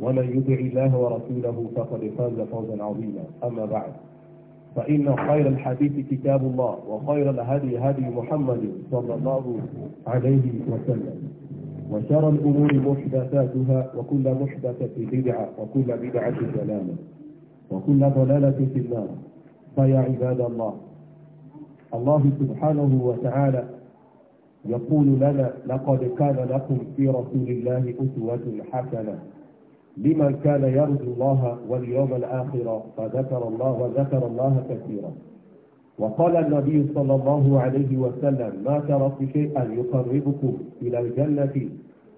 ومن يطع الله ورسوله فقد فاز فوزا عظيما أما بعد فإن خير الحديث كتاب الله وخير الهدي هدي محمد صلى الله عليه وسلم وشر الأمور محدثاتها وكل محدثة بدعة وكل بدعة ضلالة وكل ضلالة في النار فيا عباد الله الله سبحانه وتعالى يقول لنا لقد كان لكم في رسول الله أسوة حسنة لمن كان يرجو الله واليوم الآخر فذكر الله وذكر الله كثيرا وقال النبي صلى الله عليه وسلم ما تركت شيئا يقربكم إلى الجنة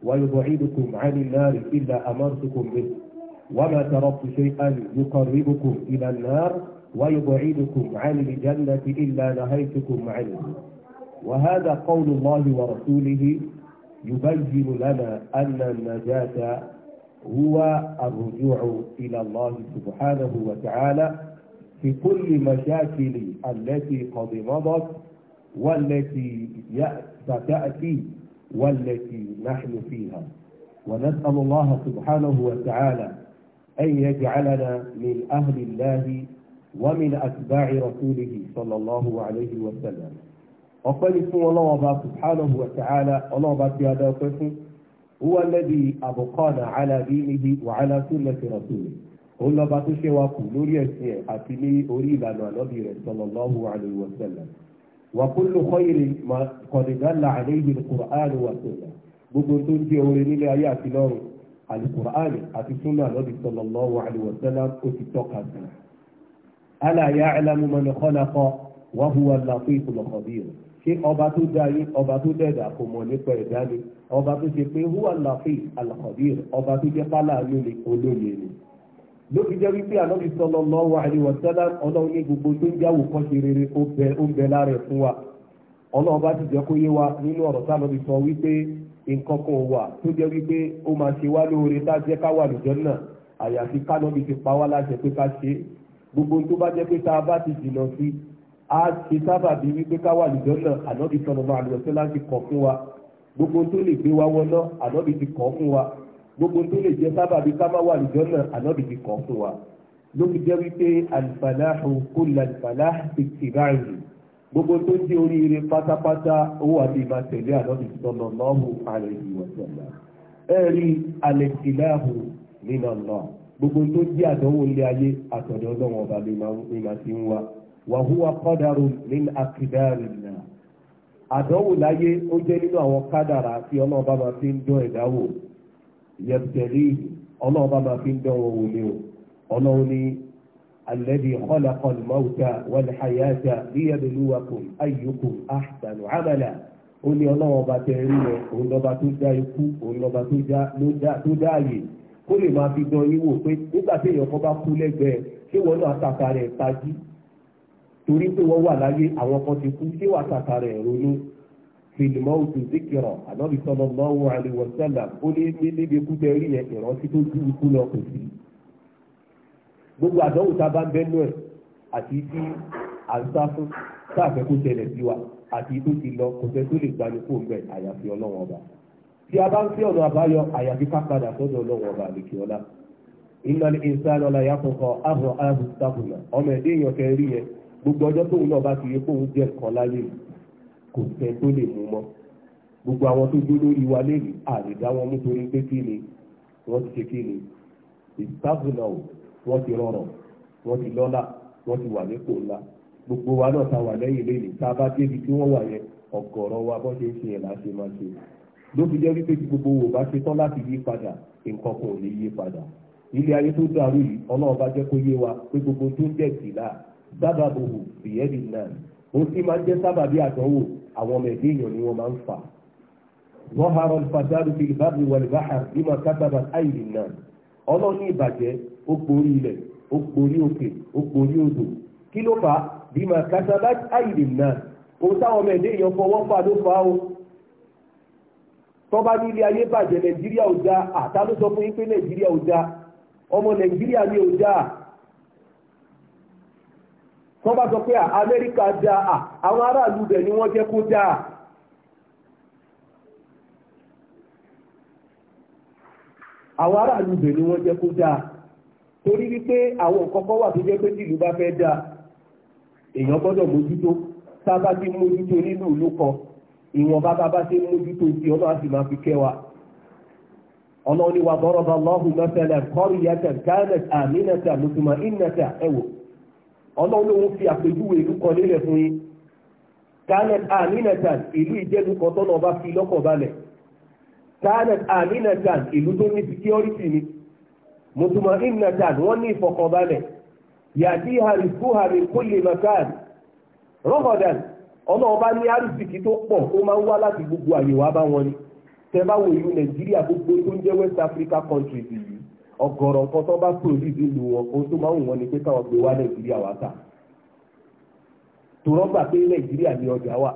ويبعدكم عن النار إلا أمرتكم به وما تركت شيئا يقربكم إلى النار ويبعدكم عن الجنة إلا نهيتكم عنه وهذا قول الله ورسوله يبين لنا أن النجاة هو الرجوع إلى الله سبحانه وتعالى في كل مشاكل التي قد مضت والتي ستأتي والتي نحن فيها ونسأل الله سبحانه وتعالى أن يجعلنا من أهل الله ومن أتباع رسوله صلى الله عليه وسلم وقال الله سبحانه وتعالى الله بات wa ta'ala huwa alladhi abqana ala dinihi wa ala sunnati rasulih òun lọ́ba tó ṣe wa kù lórí ẹ̀sìn ẹ̀ àti ní orí ìlànà ànábì rẹ̀ sallallahu alayhi wa sallam wa kullu khayrin ma qad dalla alayhi al-Qur'an wa sunnah gbogbo tó ń jẹ́ orin nílé ayé àti lọ́run alukur'an àti sunna lọ́bi sallallahu alayhi wa sallam ó ti tọ́ka sí. ala ya'lamu man khalaqa wa huwa al-latiful khabir ṣé ọba tó dá yín ọba tó dẹ̀dà kò mọ̀ nípa ẹ̀dá ni ọba tó ṣe pé huwa lafi alkhabir ọba tó jẹ́ pálá lóye olóye ni ló fi jẹ́ wípé ànábi sallallahu alaihi wasallam ọlọ́run ní gbogbo tó ń jáwò kọ́ ṣe rere ó ń bẹ lára ẹ̀ fún wa ọlọ́run bá ti jẹ́ kó yé wa nínú ọ̀rọ̀ tá ànábi sọ wípé nǹkan kan wà tó jẹ́ wípé ó máa ṣe wá lóore tá jẹ́ ká wà lùjọ́ náà àyàfi kánábi ti pa wá láṣẹ pé ká ṣe gbogbo tó bá jẹ́ pé tá a bá ti jìnnà sí a ṣe sábàbí wípé ká wà lùjọ́ náà ànábi sallallahu alaihi wasallam ti kọ̀ fún wa gbogbo tó lè gbé wa wọná ànábì ti kọ́ fún wa gbogbo tó lè jẹ́ sábàbí ká má wà lùjọ́ náà ànábì ti kọ́ fún wa ló fi jẹ́ wípé àlùfàlàhù kó la àlùfàlàhù ti báyìí gbogbo tó ń oríire pátápátá ó wà bí máa tẹ̀lé ànábì sọ̀nà lọ́hù ààrẹ ìwọ̀ ẹ rí àlẹ́sìláhù nínú ọ̀nà gbogbo tó jẹ́ àdánwò ilé ayé àtọ̀dọ̀ ọlọ́wọ̀n ọba ni màá ti ń wa wàhúwa kọ́dàrú nínú àkìdárì náà àdánwò láyé ó jẹ́ nínú àwọn kádàrà tí ọlọ́run bá máa fi ń dán ẹ̀dá wò yẹ̀bùtẹ̀lì ọlọ́run bá máa fi ń dán wọn wò ni o ọlọ́run ní alladhi khalaqa al-mawta wal-hayata liyabluwakum ayyukum ahsanu amala ó ní ọlọ́run ọba tẹ rí rẹ òun lọ́ba tó dá ikú òun lọ́ba tó dá ààyè kó lè máa fi dán yín wò pé nígbà tí èèyàn kan bá kú lẹ́gbẹ̀ẹ́ ṣé wọn náà àtàkà rẹ̀ tají torí pé wọ́n wà láyé àwọn kan ti kú ṣé wàá tàkàrà ẹ̀ ronú fìlìmọ́ òtù síkìrọ̀ ànábì sọ̀rọ̀ lọ́wọ́ àlewọ̀sálà ó ní níbi kúta rí yẹn ìrántí tó ju ikú lọ kò sí. gbogbo àdánwò tá a bá ń bẹ́nu ẹ̀ àti tí à ń sá fún sáàfẹ́ kó ṣẹlẹ̀ sí wa àti tó ti lọ kò fẹ́ tó lè gbani kó ń bẹ̀ àyàfi ọlọ́wọ́n ọba. tí a bá ń fi ọ̀nà àbáyọ àyàfi ká sọ́dọ̀ ọlọ́wọ́n ọba àlekèọ́lá. ìnáni ìsáná la yàtọ̀ kọ gbogbo ọjọ́ tóun náà bá ti rí kóun jẹ́ nǹkan láyé kò tẹ́ tó lè mú mọ́ gbogbo àwọn tó dó lórí wa léèrè àrídá wọn nítorí pé kí ni wọ́n ti ṣe kí ni ìsáàbùnà ò wọ́n ti rọrọ̀ wọ́n ti lọ́lá wọ́n ti wà nípò ńlá gbogbo wa náà ta wà lẹ́yìn lẹ́yìn tá a bá débi tí wọ́n wà yẹn ọ̀gọ̀rọ̀ wa bọ́ ṣe ń ṣe ẹ̀ láṣẹ máa ṣe ló fi jẹ́ wípé tí gbogbo wò bá ṣe tán láti yí padà nǹkan kan ní yí padà ilé ayé tó dàrú yìí ọlọ́run bá jẹ́ kó yé wa pé gbogbo tó ń dẹ̀ sí láà sababu ìyẹ́dì náà ó sì máa ń jẹ́ sábàbí àdánwò àwọn ọmọ ẹ̀dẹ́ èèyàn ni wọ́n máa ń fà. ظهر الفساد في البر والبحر بما كسبت أيدي الناس ọlọ́ni ìbàjẹ́ ó gborí ilẹ̀ ó okpori òkè ó oke odò kí ló fà á bima kasabat aydin nas ohun táwọn ọmọ ẹ̀dẹ́ èèyàn fọwọ́ fà ló fà o tọ́ba ní ilé ayé bàjẹ́ nàìjíríà ò dáa àtàlósọ fún ni ò wọ́n bá sọ pé amẹ́ríkà à àwọn aráàlú ni wọ́n jẹ́ kó à. àwọn aráàlú bẹ̀ ni wọ́n jẹ́ kó dá torí wípé àwọn nǹkan wà tó jẹ́ pé tìlú bá fẹ́ èèyàn gbọ́dọ̀ mójútó mójútó nínú ìlú kan bá bá mójútó fi kẹ́ wa. bọ́rọ̀ bá lọ́hùn mẹ́fẹ́lẹ̀ ọlọ́run lòun fi àpèjúwe ìlú kan lélẹ̀ fún yín kanet aminatan ìlú ìjẹ́nu kan tọ́nà ọba fi lọ́kàn balẹ̀ kanet aminatan ìlú tó ní security ni mùtùmọ̀ innatan wọ́n ní ìfọkànbalẹ̀ yàtí harifu harikuli makan rọ́kọ̀dàn ọlọ́ọ̀bá ní àrísìkí tó pọ̀ ó máa ń wá láti gbogbo àyè bá wọn ni tẹ́ bá wo nàìjíríà gbogbo tó ń jẹ́ west africa countries yìí ọ̀gọ̀rọ̀ nǹkan tó bá produce ìlú wọn ohun tó máa ń wọn ni pé káwọn gbé wá nàìjíríà wá tà tòrọ́ pé nàìjíríà ni ọjà wà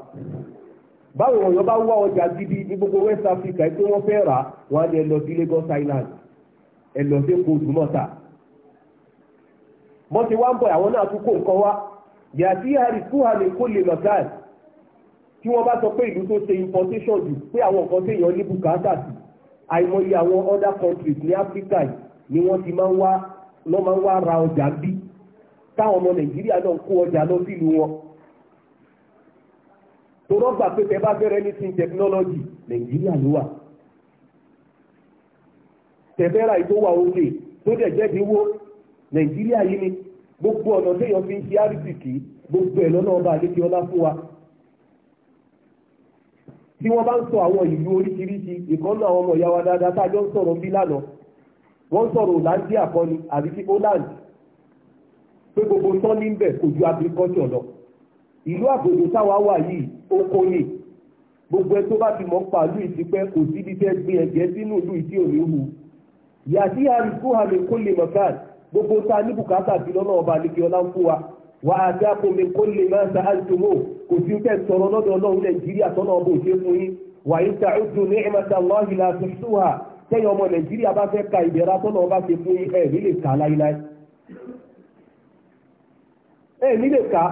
báwo ọ̀yọ́ bá wá ọjà gidi ní gbogbo west africa pé wọ́n fẹ́ rà wọ́n á ní ẹ lọ sí lagos island ẹ lọ sí èkó òdùmọ̀ta wọ́n ti wá ń bọ̀ àwọn náà tún kó nǹkan wá yàtí harry kuhani kó lè lọ gáàsì tí wọ́n bá sọ pé ìlú tó ṣe importation jù pé àwọn nǹkan téèyàn ní bùkátà sí àìmọye àwọn other countries ní africa yìí ni wọ́n ti máa ń wá lọ́ máa ń wá ra ọjà bí táwọn ọmọ nàìjíríà náà kó ọjà lọ sílùú wọn tó rọ́gbà pé tẹ bá fẹ́rẹ̀ anything technology nàìjíríà ló wà tẹ̀fẹ́ra ìtò wà òkè tó dẹ̀ jẹ́ dínwó nàìjíríà yìí ni gbogbo ọ̀nà téèyàn fi ń ṣe àrísìkì gbogbo ẹ̀ lọ́nà ọba àdékè ọlá fún wa tí wọ́n bá ń sọ àwọn ìlú oríṣiríṣi ìkànnà àwọn ọmọ ìyá wa dáadáa tájọ́ ń sọ̀rọ̀ bí lánàá wọ́n sọ̀rọ̀ Hollandia àkọ́ni àbí ti Holland gbogbo tán ní bẹ̀ kò ju agriculture lọ ìlú àgbègbè táwa wà yìí oko gbogbo ẹ tó bá ti mọ̀ ń pa ìlú kò sínú ìlú ìdí òní hù. yàtí àmì gbogbo ta ní bùkátà sí lọ́nà ọba wà á dá kó lè máa àjùmọ̀ kò tẹ́yìn ọmọ nàìjíríà bá fẹ́ ka ìdẹ̀ra tó náà bá ṣe fún ẹ̀ nílé ká láíláí ẹ̀ nílé ká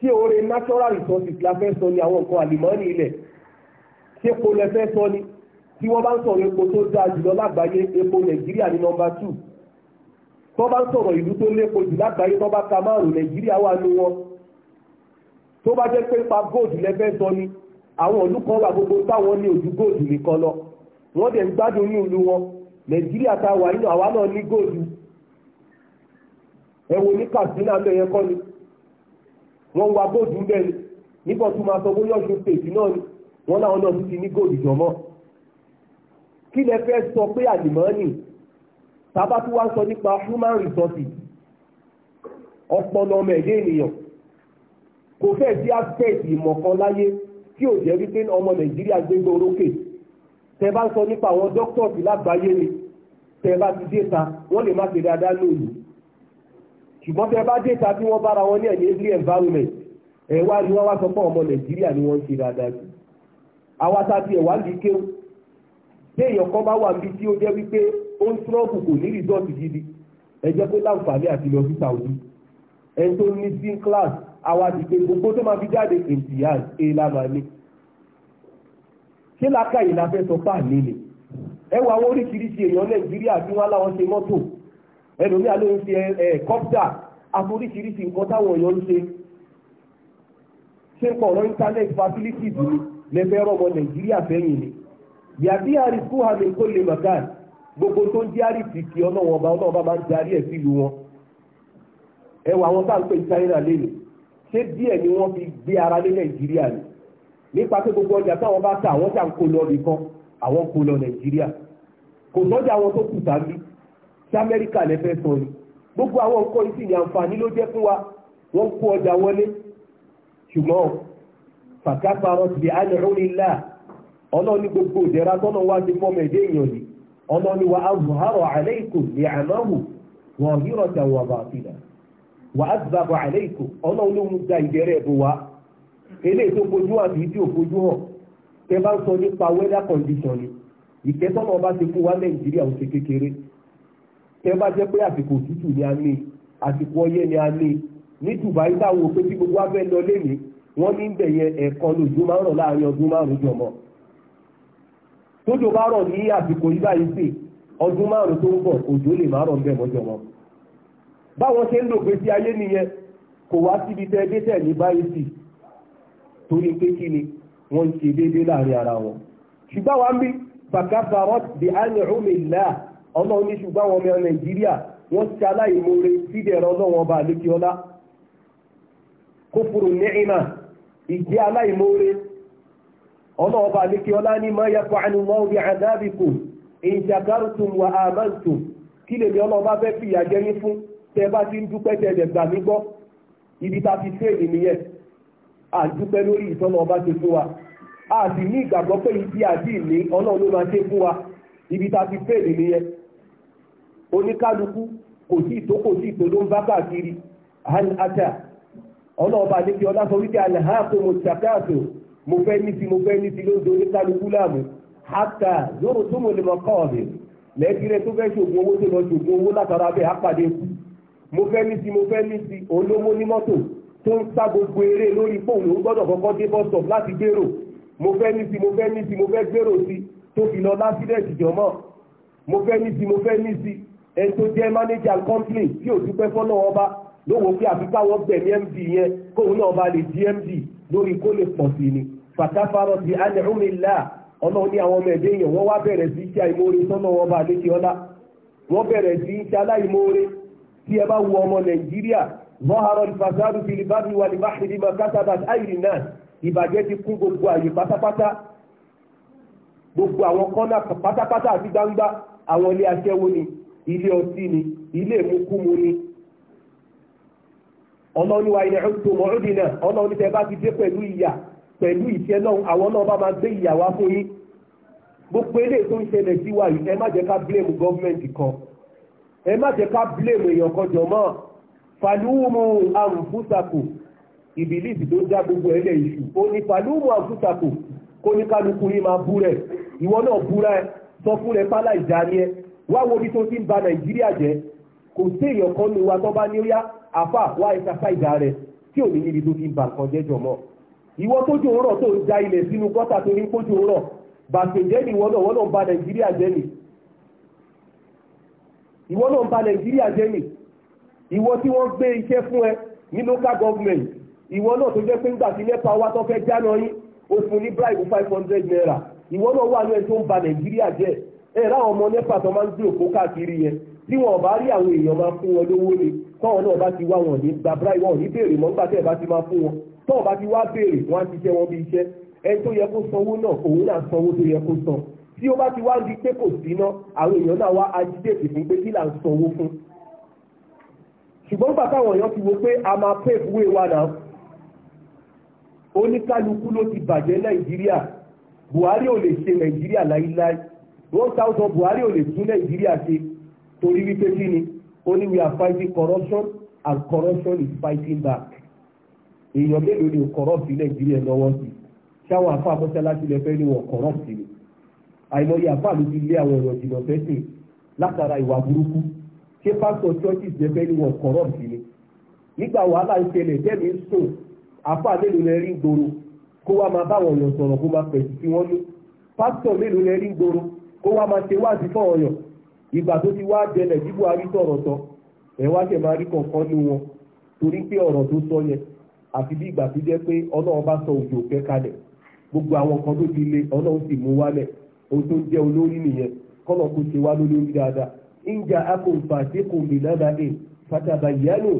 ṣé oore natural resources la fẹ́ sọ ni àwọn nǹkan àlìmọ́ọ́nì ilẹ̀ ṣé epo lẹ fẹ́ sọ ni tí wọ́n bá ń sọ̀rọ̀ epo tó dáa jùlọ lágbàáyé epo nàìjíríà ní nọmba two tó bá ń sọ̀rọ̀ ìlú tó lépo jù lágbàáyé tó bá ka márùn nàìjíríà wà ní wọn tó bá jẹ́ pé pa gold lẹ fẹ́ sọ ni àwọn ìlú kan wà gbogbo táwọn ní ojú gold nìkan lọ wọ́n dẹ̀ ń gbádùn ní ìlú wọn nàìjíríà ta wà nínú àwa náà ní góòlù ẹ wo ní katsina mẹ́yẹn kọ́ ni wọ́n wá góòlù ń bẹ̀ ni níbọ̀ tó máa sọ bóyá ọ̀ṣun pèsè náà ni wọ́n láwọn náà ti ní góòlù jọmọ́ kí lẹ fẹ́ sọ pé àlùmọ́ọ́nì tábà tó wá sọ nípa human resources ọpọlọ ọmọ ẹ̀dẹ́ ènìyàn kò fẹ́ sí aspect ìmọ̀ kan láyé tí ò jẹ́ wípé ọmọ nàìjíríà gbégbé orókè tẹ bá ń sọ nípa àwọn dókítọ̀sì lágbàáyé ni tẹ bá ti déta wọ́n lè má ṣe dáadáa lónìí ṣùgbọ́n tẹ bá déta bí wọ́n bára wọn ní ẹ̀yìn ilé environment ẹ̀ wá ní wọ́n wá sọ fún ọmọ nàìjíríà ni wọ́n ń ṣe dáadáa jù àwa ta ti ẹ̀wá lè kéwù bí èèyàn kan bá wà níbi tí ó jẹ́ wípé ó ń trọ́ọ̀bù kò ní rìsọ́ọ̀tì gidi ẹ jẹ́ pé láǹfààní àti lọ sí Saudi ẹ̀ tó ní sin class àwa ti pé gbogbo tó máa fi jáde ìntìyàn èèlà màá ní ṣé lákà ìlà fẹ́ sọ fáà lélẹ̀ ẹ wo àwọn oríṣiríṣi èèyàn nàìjíríà tí wọ́n láwọn ṣe mọ́tò ẹlòmí àló ń ṣe ẹ kọ́pítà àforíṣiríṣi nǹkan táwọn èèyàn ń ṣe ṣé ń pọ̀ ọ̀rọ̀ internet facilities ni lẹ́fẹ́ rọ́mọ nàìjíríà fẹ́yìn ni yàtí àrísù hàmì kó lè màkàn gbogbo tó ń diárì sí kí ọlọ́wọ́n ọba ọlọ́wọ́n ọba máa ń darí ẹ̀ sílùú wọn ẹ wo àwọn táǹpẹ̀ China lélẹ̀ ṣé díẹ̀ ni wọ́n fi gbé ara lé nàìjíríà ni nípa pé gbogbo ọjà táwọn bá ta àwọn ṣà ń kó lọ nìkan àwọn kó lọ nàìjíríà kò sọ́jà àwọn tó kù sí amẹ́ríkà lẹ́fẹ́ sọ ni gbogbo àwọn nǹkan yìí sì ní àǹfààní ló jẹ́ fún wa wọ́n ọjà wọlé ṣùgbọ́n gbogbo ìdẹ́ra tọ́nà wá ẹ̀dẹ́ èèyàn wa ní hírọ̀ da ìdẹ́rẹ́ eléyìí tó fojú àbí tí ò hàn tẹ bá ń sọ nípa weather condition ni ìkẹtọ́nà ọba ti fún wa nàìjíríà ò ṣe kékeré tẹ bá jẹ́ pé àsìkò ni a ní àsìkò oye ni a ní ní Dubai táwọn òpin tí gbogbo abẹ́ lọ lé ní wọ́n ní bẹ̀yẹ ẹ̀ẹ̀kan lójú máa ń rọ láàrin ọdún márùn-ún tójò bá ní àsìkò yìí báyìí ọdún márùn tó ń òjò lè má ń torí pé kí ni wọ́n ṣe déédé láàrin ara wọn ṣùgbọ́n wa ń bí bàkàfàrọ́ di ánìhùnmílà ọmọ ní ṣùgbọ́n wọn mẹ́rin nàìjíríà wọ́n ṣe aláìmoore sídẹ̀rọ ọlọ́wọ́n ọba àlékiọlá kófòrò nẹ́ẹ̀mà ìjẹ́ aláìmoore ọlọ́wọ́n ọba àlékiọlá ní máa yẹ kó àánú wọn bí àdábìkù ìjàkárùtùm wà àmàǹtùm kí lèmi ọlọ́wọ́n bá fẹ́ fìyà jẹ yín fún tẹ bá ti ń dúpẹ́ tẹ ẹ̀dẹ̀ gbà mí gbọ́ ibi ta fi fẹ́ẹ̀lì nìyẹn à ń dúpẹ́ lórí ìtọ́nà ọba ṣe fún wa a sì ní ìgbàgbọ́ pé ibi àti ìní ọlọ́run ló máa ṣe fún wa ibi ta fi nìyẹn oníkálukú kò sí ìtó kò sí ìtó ló ń bá káàkiri han ata ọlá sọ wípé mo ṣàkáàtò mo fẹ́ ní ti mo fẹ́ ní ti ló ń do oníkálukú láàmú hata tó mo lè mọ kọ́ lẹ́gbẹ̀rẹ́ tó fẹ́ ṣògùn owó tó lọ ṣògùn owó látara bẹ́ẹ̀ á pàdé kú mo fẹ́ ní ti mo fẹ́ ní ti olówó ní mọ́tò tó ń sá gbogbo eré lórí fóònù ó gbọ́dọ̀ kọ́kọ́ dé bus stop láti gbèrò mo fẹ́ ní sí mo fẹ́ ní sí mo fẹ́ gbèrò sí tó fi lọ lásìdẹ̀tì jọmọ́ mo fẹ́ ní sí mo fẹ́ ní sí ẹni tó jẹ́ manager company tí ò dúpẹ́ fọ́nà ọba lówó pé àfikà wọn gbẹ̀mí md yẹn kóun náà bá lè gmd lórí kó lè pọ̀ sí ni fàtàfàrọ̀ ti anìhùnmílà ọlọ́run ní àwọn ọmọ ẹ̀dẹ́ èèyàn wọ́n wá bẹ̀rẹ̀ sí iṣẹ́ àìmoore sọ́nà wọn bá lékè ọlá wọ́n bẹ̀rẹ̀ sí iṣẹ́ aláìmoore tí ẹ bá wo ọmọ nàìjíríà mọ́hàrọ̀ ìfàsádù fi lè bá mi wà lè má ṣe ní ma kátàbà áìrì náà ìbàjẹ́ ti kún gbogbo àyè pátápátá gbogbo àwọn kọ́nà pátápátá àti gbangba àwọn ilé aṣẹ́wó ni ilé ọtí ni ilé ìmúkúmu ni ọlọ́niwa ilẹ̀ ọ̀tọ̀ mọ́ọ́dì náà ọlọ́ni tẹ bá ti dé pẹ̀lú ìyà pẹ̀lú ìṣẹ́ náà àwọn náà bá máa gbé ìyà wá fún yín gbogbo ilé tó ń ṣẹlẹ̀ sí wa yìí ẹ má jẹ́ ká blame gọ́ọ̀mẹ̀ntì kan ẹ má jẹ́ ká blame èèyàn kan jọ̀mọ́ fàlúùmù àrùnfúsàkù ìbìlìsì tó já gbogbo ẹlẹ́ ìṣù ó ní fàlúùmù àrùnfúsàkù kó ní kálukú yín máa búrẹ̀ ìwọ náà búrẹ̀ sọ fún rẹ̀ pálá ìjà ni ẹ wá wo bí tó ti ń ba nàìjíríà jẹ́ kò sí èèyàn kan ní wa tó bá ní ríá àfà wá ìsàfà ìjà rẹ̀ tí ò ní níbi tó ti ń ba nǹkan jẹ́ jọmọ́ ìwọ tójú òórọ̀ tó ń ja ilẹ̀ sínú gọ́tà tó ní kójú òórọ̀ bàtẹ̀jẹ́ ni ìwọ náà wọ́n náà ń ba nàìjíríà jẹ́ ìwọ tí wọ́n gbé iṣẹ́ fún ẹ ní local government ìwọ náà tó jẹ́ pé ńgbà tí nepa wá tó fẹ́ jáná yín o fún ní bribe five hundred naira ìwọ náà wà ní ẹ tó ń ba nàìjíríà jẹ́ ẹ ráwọn ọmọ nepa tó máa ń gbé òkú káàkiri yẹn tí wọn bá rí àwọn èèyàn máa fún wọn lówó ni tọ́wọ́n náà bá ti wá wọn ní gba bribe wọn ní béèrè mọ́ nígbà tẹ́ ẹ bá ti máa fún wọn tọ́wọ́n bá ti wá béèrè wọn á ti jẹ́ wọn bí iṣẹ́ ẹ tó yẹ kó sanwó náà òun náà sanwó tó yẹ kó san tí ó bá ti wá di pé kò sí ná àwọn èèyàn náà wá agitate fún pé kí là ń sanwó fún ṣùgbọ́n nígbà táwọn èèyàn ti wo pé a máa pè fún ìwà náà oníkálukú ló ti bàjẹ́ nàìjíríà buhari ò lè ṣe nàìjíríà láíláí one thousand buhari ò lè tún nàìjíríà ṣe torí wípé kí ni ó ní we are fighting corruption and corruption is fighting back èèyàn mélòó ni corrupt nàìjíríà lọ́wọ́ sí ṣáwọn àfa àmọ́ṣáláṣí lẹ́fẹ́ ni wọ́n corrupt ni àìmọye àfa ti lé àwọn èèyàn jìnnà fẹ́ sìn látara ìwà burúkú ṣé pásítọ̀ churches jẹ́ fẹ́ẹ́ ní wọn corrupt ni nígbà wàhálà ń ṣẹlẹ̀ tẹ́mi ń sùn àfa mélòó lẹ rí gbòòrò kó wá máa báwọn èèyàn sọ̀rọ̀ kó máa pẹ̀sì sí wọn ní pásítọ̀ mélòó lẹ rí gbòòrò kó wá máa ṣe wáàsí fọ̀rọ̀ yàn ìgbà tó ti wá dẹlẹ̀ bí Buhari sọ̀rọ̀ tán ẹ̀ wá ṣẹ̀ máa rí kọ̀ọ̀kan ní wọn torí pé ọ̀rọ̀ tó sọ yẹn àfi bí ìgbà tó jẹ́ pé Ọlọ́run bá sọ òjò òkè kalẹ̀ gbogbo àwọn kan tó ti le Ọlọ́run sì mú wálẹ̀ ohun tó jẹ́ olórí nìyẹn kọ́nà kó ṣe wá lólórí dáadáa ìjà akọ̀ǹfàṣẹ́ kò lè náà ẹ̀ fàtàbà ìyálò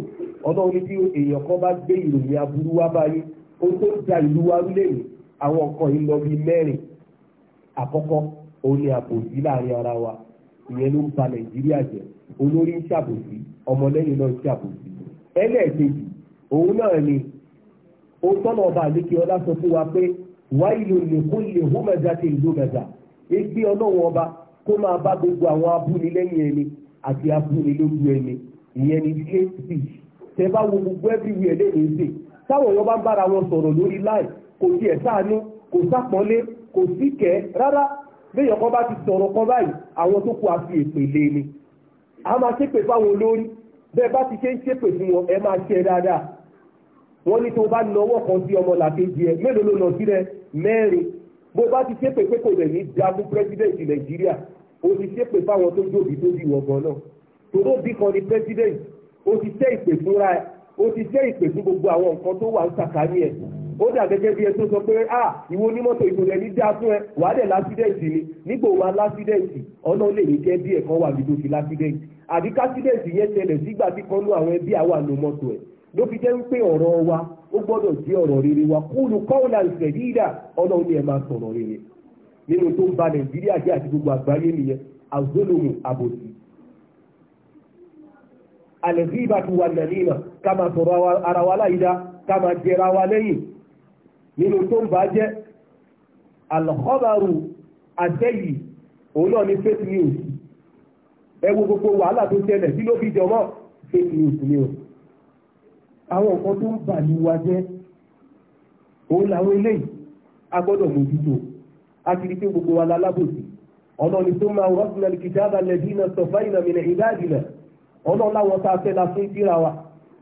ọlọ́run tí èèyàn kan bá gbé ìròyìn aburú wá báyìí ó tó da ìlú wa lè ní àwọn nǹkan yìí lọ bíi mẹ́rin àkọ́kọ́ òun ni àbòsí láàrin ara wa ìyẹn ló ń ba nàìjíríà jẹ olórí ń ṣàbòsí ọmọlẹ́yìn náà ń ṣàbòsí ẹlẹ́ẹ̀kejì òun náà ni ó tọ́nà ọba àlékè ọlá sọ fún wa pé wáyé ló lè kó lè hó mẹ́ta ìlú mẹ́ta ẹgbẹ́ ọlọ́run ọba kó máa bá gbogbo àwọn abúnilẹ́yìn ẹni àti abúnilójú ẹni ìyẹn ni hate speech tẹ bá wo gbogbo everywhere lẹ́yìn ṣe táwọn èèyàn bá ń bára wọn sọ̀rọ̀ lórí láì kò tiẹ̀ sáànú kò sápọ́nlé kò síkẹ́ rárá léèyàn kan bá ti sọ̀rọ̀ kan báyìí àwọn tó kù àfi èpèlé ni a máa ṣépè fáwọn olórí bẹ́ẹ̀ bá ti ṣe ń ṣépè fún wọn ẹ máa ṣe dáadáa wọ́n ní tó bá nawọ́ kan sí ọmọ làkejì ẹ mélòó ló nà sílẹ̀ mẹ́rin bó bá ti ṣépè pé kò lè ní dá fún pírẹsidẹ́ǹtì nàìjíríà ó ti ṣépè fáwọn tó jòbí tó bí wọn gan náà tòró bí kan ni pírẹsidẹ́ǹtì ó ti tẹ́ ìpè fúnra ẹ̀ ó ti tẹ́ ìpè fún gbogbo àwọn nǹkan tó wà ń sàkáyé ẹ̀ ó dà gẹ́gẹ́ bí ẹ tó sọ pé à ìwọ onímọ́tò ìtòlẹ̀ ní dá fún ẹ wà á dẹ̀ lásídẹ̀ǹtì ni nígbò wa lásídẹ̀ǹtì ọ̀nà lè ní kẹ́ bí ẹ̀kan wà bí tó àbí kásídẹ̀ǹtì yẹn tẹlẹ̀ sígbà tí kan nú àwọn ẹbí àwa nù ẹ̀ ló fi jẹ́ ń pé ọ̀rọ̀ wa ó gbọ́dọ̀ jẹ́ ọ̀rọ̀ rere wa kúlù kọ́ọ̀là ìṣẹ̀dídà ọlọ́run ni ẹ máa sọ̀rọ̀ rere nínú tó ń ba nàìjíríà jẹ́ àti gbogbo àgbáyé nìyẹn àzólòmù àbòsí àlẹ́síbà tó wà nàìjíríà ká máa sọ̀rọ̀ ara wa láyìídá ká máa jẹra wa lẹ́yìn nínú tó ń ba jẹ́ alọ́kọ́bàrù àtẹ́yì òun náà ni fake news ẹ wo gbogbo wàhálà tó ṣẹlẹ̀ sí ló fi jọmọ́ fake news ni o àwọn nǹkan tó ń bà ní wa jẹ́ òun làwọn eléyìí a gbọ́dọ̀ mójútó a ti rí pé gbogbo wa la lábòsí ọlọ́ni tó máa wọ́n fún ẹni kìtà lẹ́bí iná sọ̀fà iná mi náà ìdá ìdìlẹ̀ ọlọ́run láwọn tá a fẹ́ la fún ìdíra wa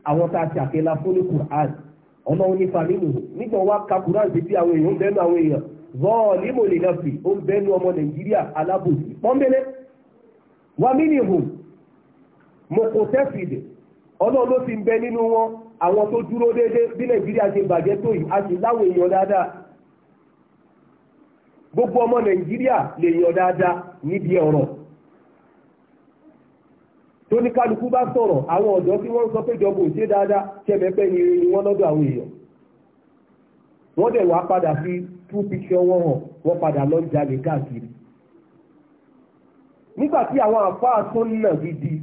àwọn tá a ti àkẹ́ la fún ní Qur'an ọlọ́run nípa nínú nígbà wa ka Qur'an sí bí àwọn èèyàn ń bẹ́nu àwọn èèyàn bọ́ọ̀lì mo lè lọ́ọ̀fì ó ń bẹ́nu ọmọ Nàìjíríà alábòsí pọ́nbélé wa mí ni hù mo kò ló ti bẹ nínú wọn àwọn tó dúró déédéé bí nàìjíríà ṣe bàjẹ́ tó yìí a sì láwọn èèyàn dáadáa gbogbo ọmọ nàìjíríà lè yàn dáadáa níbi ọ̀rọ̀ tóníkálukú bá sọ̀rọ̀ àwọn ọ̀dọ́ tí wọ́n sọ pé jọba ṣe dáadáa ṣẹ̀mẹ́fẹ́ ni wọ́n lọ́dọ̀ àwọn èèyàn wọ́n dẹ̀ wá padà wọn hàn lọ jalè káàkiri nígbà tí àwọn àfáà tó ń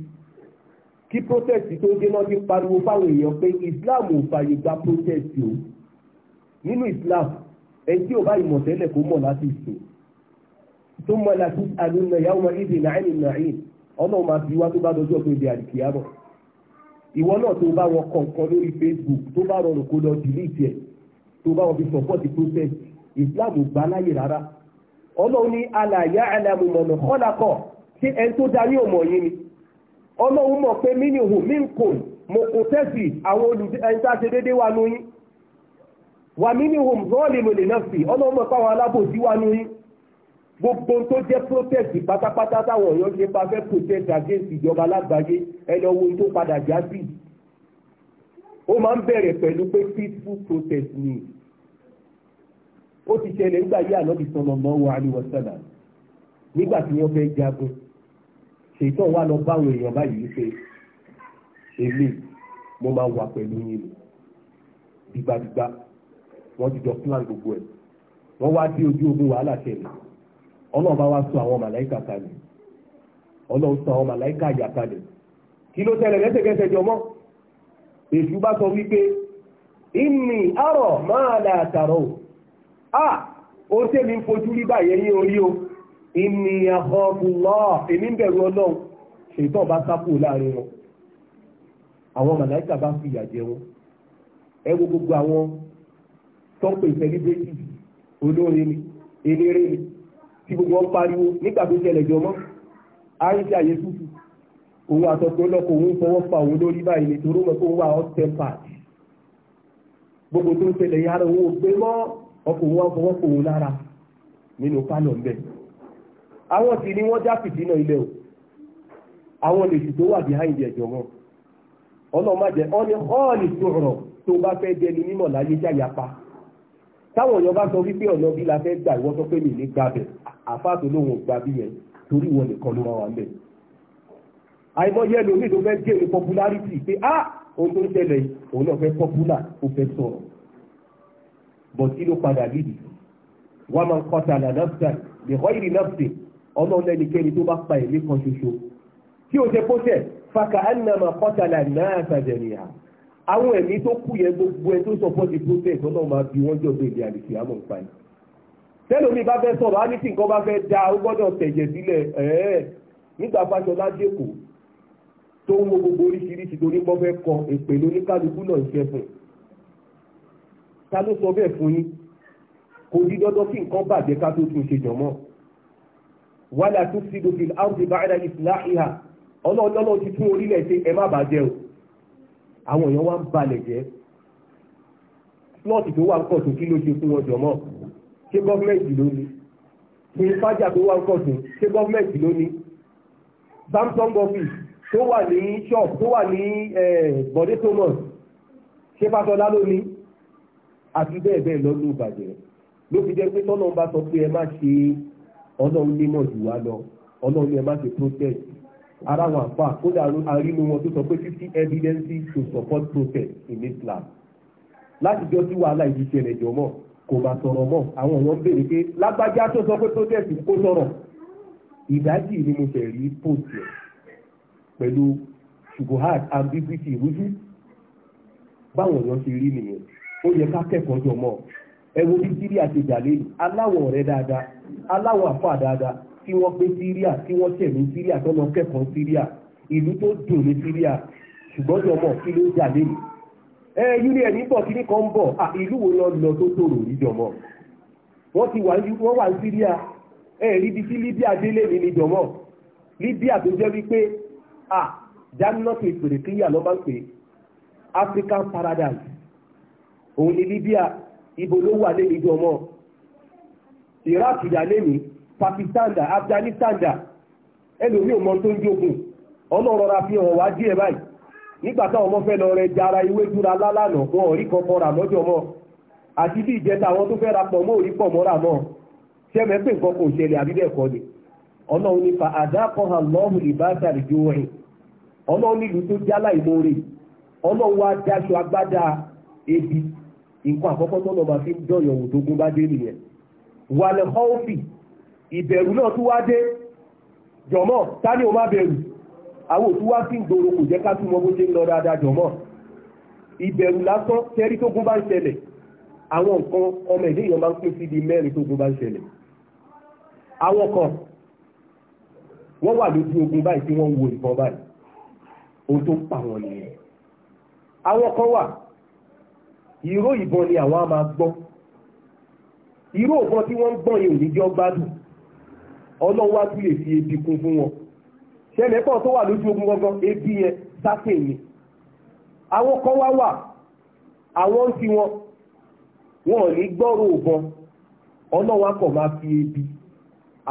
kí protest tó dé náà ti pariwo fáwọn èèyàn pé Islam ò fààyè gba protest o nínú Islam ẹni tí ò bá ìmọ̀ tẹ́lẹ̀ kó mọ̀ láti ìsìn tó mọ̀ láti àlùmọ̀ ìyá ọmọ ìdè nàìjíríà nàìjíríà ọlọ́run máa fi wá tó bá dọjọ́ pé di àdìkíyàmọ̀ ìwọ náà tó bá wọn kọ̀ọ̀kan lórí Facebook tó bá rọrùn kó lọ delete ẹ̀ tó bá wọn fi support protest Islam ò gbà láyè rárá ọlọ́run ní alàyà àlàmùmọ̀nà kọ́lákọ̀ ṣé ẹni tó darí ọmọ yìí ni ọlọ́run mọ̀ pé mí ni òun mí ń kò mo kò tẹ́sì àwọn olùdáṣe déédéé wà nú yín wà mí ni òun rọ́ọ̀lì mo lè náà sí ọlọ́run mọ̀ páwọn alábòsí wà nú yín gbogbo tó jẹ́ protest pátápátá táwọn ọ̀yọ́ ṣe pa fẹ́ protest against ìjọba lágbàáyé ẹni ọwọ́ tó padà já sí ó máa ń bẹ̀rẹ̀ pẹ̀lú pé peaceful protest ni ó ti ṣẹlẹ̀ nígbà yí ànábì sallallahu alaihi wasallam nígbà tí wọ́n fẹ́ jagun ṣètò wà lọ báwọn èèyàn báyìí pé èmi mo máa wà pẹ̀lú yín dìgbàdìgbà wọ́n ti jọ plan gbogbo ẹ̀ wọ́n wá dé ojú ogun wàhálà ṣẹlẹ̀ ọlọ́run bá wá sọ àwọn màláìkà kalẹ̀ ọlọ́run sọ àwọn àyà kalẹ̀ kí ló ṣẹlẹ̀ lẹ́sẹ̀kẹsẹ̀ jọmọ́ bá sọ wípé ìmì àrọ̀ máa là àtàrọ̀ mi fojú rí báyẹn ní o. ìní àkọ́ọ̀bùlọ́ èmi ń bẹ̀rù ọlọ́run ṣètọ́ bá sápò láàrin wọn àwọn màláìkà bá fi ìyà jẹ wọn ẹ wo gbogbo àwọn tọ́pẹ̀ sẹ́líbrétì olórin ni eléré ni tí gbogbo wọn pariwo nígbà tó ṣẹlẹ̀ jọ mọ́ àyè tútù òun òun fọwọ́ pa òun lórí báyìí pé òun wà ọ́ tẹ́pà gbogbo tó ń ṣẹlẹ̀ yára òun ò gbé mọ́ fọwọ́ pa òun àwọn sì ni wọ́n já fìdí náà ilẹ̀ o àwọn lèṣù tó wà behind ẹ̀jọ̀ wọn ọlọ́mọdé ọ̀nì ọ̀nì sọ̀rọ̀ tó bá fẹ́ dẹni mímọ̀ láyé jáyapa táwọn èèyàn bá sọ wípé ọ̀nà bí la fẹ́ gbà ìwọ́n sọ pé mi ní gbàbẹ̀ àfáàtò lóhùn gbà bí yẹn torí ìwọ nìkan ló máa wà mẹ́. àìmọye ẹlòmíì tó fẹ́ jèrè popularity pé á ohun tó ń tẹ̀lẹ̀ òun náà fẹ́ popular ó fẹ́ sọ̀rọ̀ bọ̀ tí ló padà lídìí wọ́n máa ń kọ́ta nà nọ́ọ̀sì ọlọ́run lẹ́nikẹ́ni tó bá pa ẹ̀mí kan ṣoṣo tí ó ṣe kóṣẹ̀ fàkà ánàmà kọ́tàlà náà sàjẹ̀nìyà àwọn ẹ̀mí tó kú yẹn gbogbo ẹ tó sọpọ́ di protest ọlọ́run máa bí wọ́n jọ̀dọ̀ èdè àdìsí àmọ́ ń pa ẹ̀. tẹ́lómi bá fẹ́ sọ̀rọ̀ ánìtì nǹkan bá fẹ́ da ó gbọ́dọ̀ tẹ̀jẹ̀ sílẹ̀ ẹ̀ẹ́ nígbà Fáṣọlá dẹ́kọ̀ tó ń wo gbogbo oríṣiríṣi torí wọ́n fẹ́ kọ èpè lóníkálukú náà ń ṣẹ́ fún ta ló sọ bẹ́ẹ̀ fún yín kò di dandan kí nǹkan bàjẹ́ ká tó tún ṣe jọ̀mọ́ wala tufsidu fil ardi ba'da islahiha ọlọ́ọ̀lọ́lọ́ ti tún orílẹ̀ ṣe ẹ má bàjẹ́ o àwọn èèyàn wá ń balẹ̀ jẹ́ slọ́ọ̀tì tó wà ń kọ̀tún kí ló ṣe fún wọn jọ̀mọ́ ṣé gọ́ọ̀mẹ̀ntì ló ní fún fájà tó wà ń kọ̀tún ṣé gọ́ọ̀mẹ̀ntì ló ní samsung office tó wà ní shop tó wà ní bọ̀dé thomas ṣé fásọlá ló ní àti bẹ́ẹ̀ bẹ́ẹ̀ lọ́lú ìbàjẹ́ ló fi jẹ́ pé tọ́nà ń sọ pé ẹ má ṣe é ọlọ́run nímọ̀ jù wá lọ ọlọ́run ẹ má ṣe protest ara wọn àpá kódà arínú wọn tó sọ pé fifty evidences to support protest in Islam látijọ́ tí wàhálà ìdí ṣẹlẹ̀ jọ mọ́ kò bá sọ̀rọ̀ mọ́ àwọn ọ̀wọ́n ń béèrè pé lágbájá tó sọ pé protest kó sọ̀rọ̀ ìdájì ni mo fẹ́ rí post ẹ̀ pẹ̀lú sugohad ambiguity ìrújú báwọn èèyàn ṣe rí nìyẹn ó yẹ ká kẹ́kọ̀ọ́ jọ mọ́ ẹ wo bí síríà ti jàlé aláwọ̀ ọ̀rẹ́ dáadáa aláwọ̀ àfà dáadáa tí wọ́n pé síríà tí wọ́n tẹ̀lé síríà tó lọ kẹ́kọ̀ọ́ síríà ìlú tó dùn ní síríà ṣùgbọ́n jọ mọ̀ kí ló jàlé ni ẹ yúlẹ̀ ẹ̀ níbọ̀ kí ní kan bọ̀ ìlú wo lọ lọ tó tòrò níjọmọ́ wọ́n ti wà wọ́n wà ní síríà ẹ rí ibi tí Libya délé ní níjọmọ́ Libya tó jẹ́ wípé à jámínọ́tì ìpèrè kíyà lọ́ ń pè African Paradise òun ni Libya ibo ló wà lé níjọ mọ́ iraq dà lẹ́mí pakistan dà afghanistan dà ẹlòmíì ò mọ tó ń jogun ọlọ́rọ̀ ra fi hàn wá díẹ̀ báyìí nígbà táwọn ọmọ fẹ́ lọ rẹ jara ìwé jura lálànà wọn ò rí kankan rà lọ́jọ́ mọ́ àti bí ìjẹta àwọn tó fẹ́ ra pọ̀ mọ́ ò pọ̀ mọ́ rà mọ́ nǹkan kò ṣẹlẹ̀ àbí ni fa lọ́hù ìbáṣà ìjọ rìn tó ebi nǹkan àkọ́kọ́ tó lọ́ba fi ń dọ̀yọ̀ wò tógun bá dé nìyẹn wàlẹ̀ họ́ọ̀fì ìbẹ̀rù náà tún wá dé jọ̀mọ́ ta ni o má bẹ̀rù àwọn òtún wá sí ìgboro kò jẹ́ ká túmọ̀ bó ṣe ń lọ dáadáa jọ̀mọ́ ìbẹ̀rù lásán tẹ́rí tógun bá ń ṣẹlẹ̀ àwọn nǹkan ọmọ ẹ̀dẹ́ èèyàn máa ń pín sí ibi mẹ́rin tógun bá ń ṣẹlẹ̀ àwọn kan wọ́n wà lójú ogun báyìí tí wọ́n ń wo ìbọn báyìí ohun tó pa wọn nìyẹn àwọn kan wà ìró ìbọn ni àwọn á máa gbọ́ ìró ìbọn tí wọ́n ń gbọ́ yẹn ò ní jọ́ gbádùn fi ebi kún fún wọn ṣẹlẹ̀ pọ̀ tó wà lójú ogun gangan ebi yẹn sáfẹ̀ ni àwọn kan wá wà àwọn ń fi wọn wọn ò ní gbọ́rọ̀ kọ̀ máa fi ebi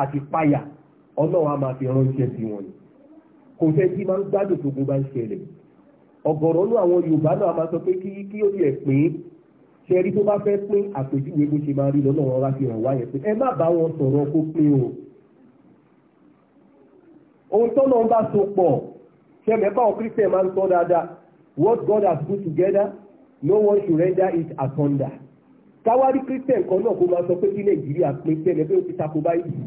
àti páyà ọlọ́run máa fi ránṣẹ́ sí wọn ni kò fẹ́ kí máa ń gbádùn tó gbogbo ọ̀gọ̀rọ̀ ló àwọn yorùbá náà máa sọ pé kí kí ó tiẹ̀ pín ṣe fe tó bá fẹ́ pín àpèjúwe bó ṣe máa rí lọ́nà wọn wá fi ma ba pé ẹ má bá wọn sọ̀rọ̀ kó pín o ohun tọ́nà ń bá so pọ̀ ṣẹlẹ̀ báwọn christian máa ń sọ dáadáa what God has put together no one should render it asunder káwárí christian kan náà kó máa sọ pé kí nàìjíríà pín ṣẹlẹ̀ bẹ́ẹ̀ ó ti takò báyìí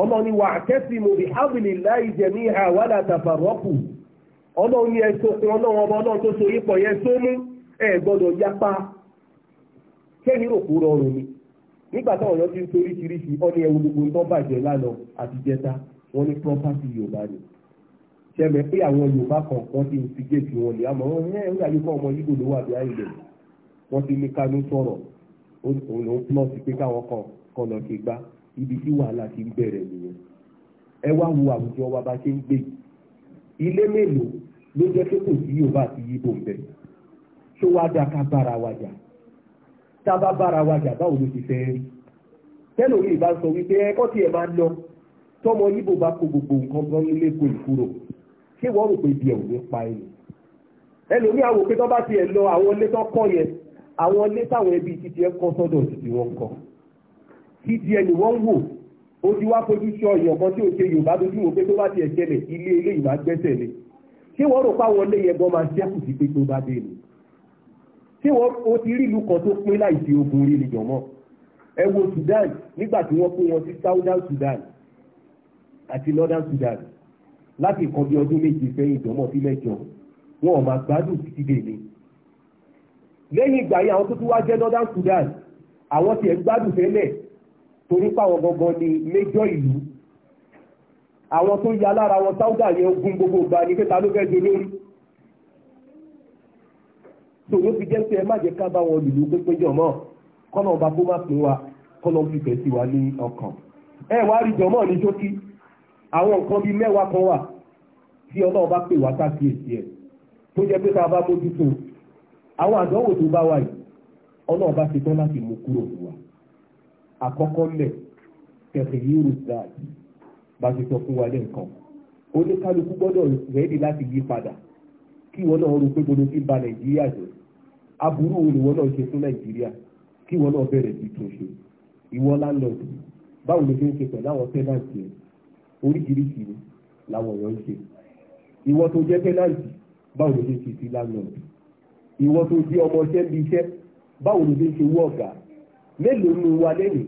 ọ̀nà ni wa'tasimu bihablillahi jami'an wala ọlọ́run ní ẹ̀sọ́ kun ọlọ́run ọba ọlọ́run tó so yípo yẹ tó ẹ ẹ̀ gbọ́dọ̀ yapa kẹ́ni òkú rọrùn ni nígbà táwọn ọ̀yọ́ ti ń torí ṣiríṣi ọ̀nì ẹ̀wù gbogbo tó bàjẹ́ lánàá àti jẹta wọn ní property yorùbá ni ṣẹlẹ̀ pé àwọn yorùbá kọ̀ọ̀kan ti ń fi géètì wọn ni àmọ́ wọn ẹ̀ ń gbà ọmọ yìí ló wà bí àìlẹ̀ wọn ti ní sọ̀rọ̀ òun pé káwọn kan ló jẹ́ pé kò sí yorùbá àti yíbo ń bẹ̀ ṣó wá dá ká bára wa jà tá a bá bára wa jà báwo ló ti fẹ́ rí tẹ́lẹ̀ òye ìbá sọ wípé ẹ̀kọ́ tí ẹ máa ń lọ tọmọ yíbo bá kó gbogbo nǹkan gan nílé kó ìkúrò ṣé wọ́n rò pé ibi ẹ̀ ò ní pa ẹ̀ ẹlòmíà wò pé tó bá tiẹ̀ lọ àwọn ilé tó kọ́ yẹn àwọn ilé táwọn ẹbí títí ẹ kọ́ sọ́dọ̀ títí wọn kọ́ títí ẹni wọ́n wò ó ti wá fojú sọ ìyọ̀kan tí ò ṣe yorùbá lójú wò pé tó bá tiẹ̀ ṣẹlẹ̀ ilé ilé ìbá gbẹ́sẹ̀ lé tí wọ́n rò páwọn lé yẹgbọ́n máa ṣẹ́kù sí pé tó bá dé ni tí wọ́n o ti rí ìlú kan tó pín láìsí ogun rí ni jọ̀mọ́ ẹ wo Sudan nígbà tí wọ́n pín wọn sí Southern Sudan àti Northern Sudan láti nǹkan bí ọdún méje sẹ́yìn jọ̀mọ́ sí mẹ́jọ wọn ò máa gbádùn títí dé ni lẹ́yìn ìgbà yìí àwọn tó tún wá jẹ́ Northern Sudan àwọn tiẹ̀ gbádùn fẹ́lẹ̀ torí páwọn gangan ni méjọ ìlú àwọn tó ya lára wọn sáúdà yẹn ogun gbogbo ìgbà ní pé ta ló fẹ́ dolórí tòun fi jẹ́ pé ẹ má jẹ́ ká bá wọn lùlù pépé jọmọ́ kọ́nà ọba kó má pín wa kọ́nà fi tẹ̀ sí wa ní ọkàn ẹ wá rí jọmọ́ ní ṣókí àwọn nǹkan bíi mẹ́wàá kan wà tí ọlọ́run bá pè wá sákìyèsí ẹ̀ tó jẹ́ pé tá bá mójútó àwọn àdánwò tó bá wà yìí ọlọ́run bá ṣetán láti mú kúrò fún àkọ́kọ́ lẹ̀ tẹ̀sí yìí rò dáadáa bá ti sọ fún wa lé nǹkan oníkálukú gbọ́dọ̀ rẹ́ẹ̀dì láti yí padà kí ìwọ náà rò pé gbogbo ti ba nàìjíríà jẹ́ aburú wo ni ìwọ náà ṣe fún nàìjíríà kí ìwọ náà bẹ̀rẹ̀ sí tún ṣe ìwọ láńlọ́ọ̀dù báwo ló ṣe ń ṣe pẹ̀lú àwọn tẹ́nàǹtì ẹ̀ oríṣiríṣi ni làwọn èèyàn ń ṣe ìwọ tó jẹ́ tẹ́nàǹtì báwo ló ṣe ṣe sí láńlọ́ọ̀dù ìwọ tó jẹ́ ọmọ iṣẹ́ bí iṣẹ́ báwo ló ṣe ń ṣe wú ọ̀gá mélòó nu wa lẹ́yìn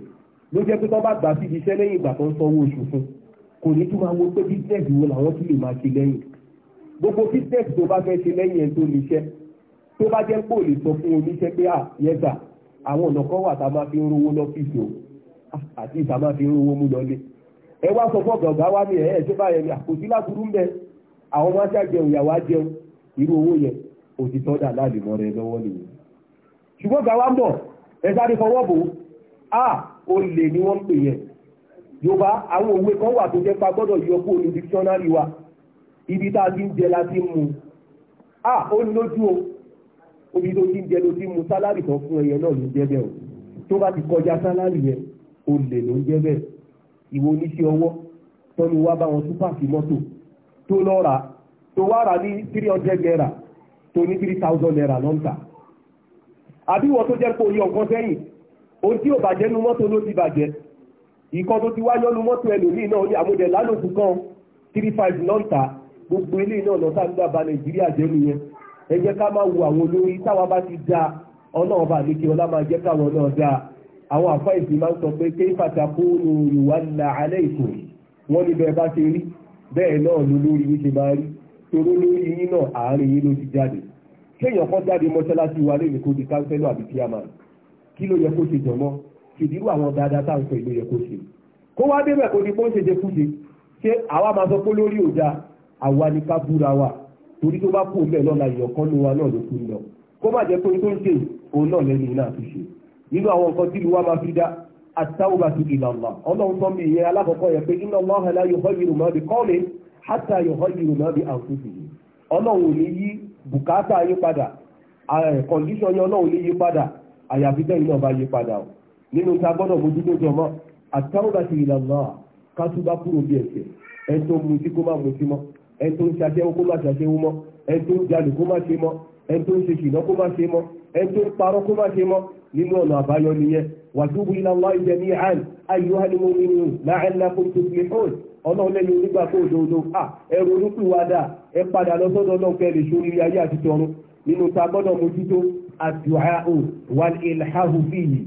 ló jẹ́ pé tó bá gbà síbi iṣẹ́ lẹ́yìn ìgbà tó ń sanwó oṣù fún kò ní tún máa wo pé business wo làwọn tún lè máa ṣe lẹ́yìn gbogbo business tó bá fẹ́ ṣe lẹ́yìn ẹ̀ tó níṣẹ́ tó bá jẹ́ pé ò lè sọ fún oníṣẹ́ pé à ah, yẹ́sà àwọn ọ̀nà kan wà tá a máa fi ń rówó lọ́fíìsì o ah, àti ìta máa fi ń rówó mú lọlé ẹ wá sọ fún ọ̀gá wa ní ẹ̀ tó bá yẹ àkòsí ah, láburú mbẹ àwọn máa ṣàjẹun ìyàwó á irú owó yẹn òtítọ́ dà láàlì mọ́ rẹ lọ́wọ́ nìyẹn ṣùgbọ́n gàwa ẹ sáré fọwọ́ bò ó à olè ni wọ́n ń pè yẹn yorùbá àwọn òwe kan wà tó jẹ́ pa gbọ́dọ̀ yọ kó ní dictionary wa ibi tá a ti ń jẹ la ti ń mu a ó ní lójú o omi tó ti ń jẹ ló ti ń mu sálárì kan fún ẹyẹ náà ló ń jẹ bẹ́ẹ̀ o tó bá ti kọjá sálárì yẹn olè ló ń jẹ bẹ́ẹ̀ ìwọ oníṣẹ́ ọwọ́ tọ́nu wá bá wọn tún pàṣẹ mọ́tò tó lọ rà tó wá rà ní three hundred naira tó ní three thousand naira lọ́ǹtà àbí wọ́n tó jẹ́ pé orí ọ̀kan sẹ́yìn ohun tí ò bàjẹ́ nu mọ́tò ló ti bàjẹ́ nǹkan tó ti wáyọ́ nu mọ́tò ẹlòmíì náà ní àmúdẹ̀ lálòkù kan three five lọ́ǹtà gbogbo eléyìí náà lọ́tà nígbà ba nàìjíríà jẹ́ nìyẹn ẹ jẹ́ ká máa wo àwọn olórí táwa bá ti dáa ọlọ́run bá ní kí ọlá máa jẹ́ káwọn náà dáa àwọn àfa ìsìn máa ń sọ pé ké pàtàkó nu ìwà ńlá alẹ́ ìkò wọ́n ní bẹ́ẹ̀ bá ṣe rí bẹ́ẹ̀ náà ló lórí yín ṣe máa rí toró lórí yín náà àárín yín ló ti jáde kéèyàn kan jáde mọ́ṣáláṣí wa lé ní kó di kánsẹ́lọ̀ àbí kíámà kí ló yẹ kó ṣe jọ̀mọ́ ìdírú àwọn dáadáa tá à ń sọ ìlú yẹ kó ṣe kó wá débẹ̀ kó ní bó ń ṣe jẹ kúṣe ṣé àwa máa sọ pé lórí òda àwa ni ká búra wa torí tó bá kú òun bẹ́ẹ̀ lọ́la ìyọ̀ kan ló wa náà ló kú lọ kó má jẹ́ pé tó ń ṣe òun náà lẹ́nu iná àti ṣe nínú àwọn nǹkan tí ìlú wa máa fi dá at-tawbatu ila Allah ọlọ́run sọ mi ìyẹn alákọ̀ọ́kọ́ yẹn pé inna Allaha la yughayyiru ma bi qawmin hatta yughayyiru ma bi anfusihim ọlọ́run ò ní yí bùkátà yí padà kọ̀ǹdíṣọ̀ yẹn ọlọ́run ò ní yí padà àyàfi bẹ́ẹ̀ náà bá yí padà o nínú ta gbọ́dọ̀ mójútó jọmọ́ àtàwùbàtì ìlànà kátúbá kúrò bí ẹ̀ṣẹ̀ ẹ tó mu tí kó má mu sí mọ́ ẹ tó ń ṣàṣẹ́wó kó má ṣàṣẹ́wó mọ́ ẹ tó ń jalè kó má ṣe mọ́ ẹ tó ń ṣe ṣìnà kó má ṣe mọ́ ẹ tó ń parọ́ kó má ṣe mọ́ nínú ọ̀nà àbáyọ nìyẹn wàtúbù ìlànà ìjẹ̀mí àn ayyuhal mu'minun la'allakum tuflihun ọlọ́ọ̀lẹ́yìn onígbà tó òdodo à ẹ ronú pìwàdà ẹ padà lọ sọ́dọ̀ náà kẹ́ lè ṣorí ayé àti nínú ta gbọ́dọ̀ mójútó àdúà wal ilhahu fihi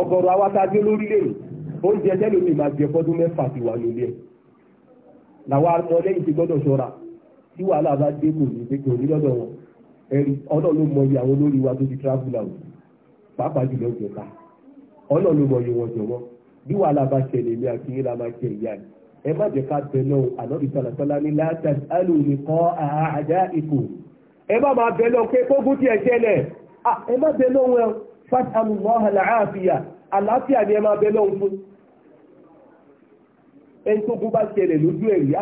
ọgọ́rọ̀ awátájé lórílẹ̀ oúnjẹ tẹ́lẹ̀ mi máa jẹ fọ́dún mẹ́fà ti wà lórí ẹ̀ làwọn ọmọ lẹ́yìn ti gbọ́dọ̀ ṣọ́ra tí wàhálà bá dé kò ní pé kò ní lọ́dọ̀ wọn ẹ̀rí ọlọ́run ló mọyì àwọn olórí wa tó ti travel out pàápàá jùlọ jẹta ọlọ́run ló mọyì wọn jọ̀wọ́ bí wàhálà bá ṣẹlẹ̀ ní akínyé la máa ṣe ìyá rẹ̀ ẹ má jẹ́ ká bẹ náà ànábì sàlàsàlà ní látàrí alùmí kan àjá ipò ẹ má máa bẹ náà pé kógun tiẹ̀ ṣẹlẹ̀ ẹ má bẹ náà wọn fásitàlùmọ́hà amụma ọha ni ẹ máa bẹ lọ́hùn fún ẹni bá ṣẹlẹ̀ lójú ẹ̀rí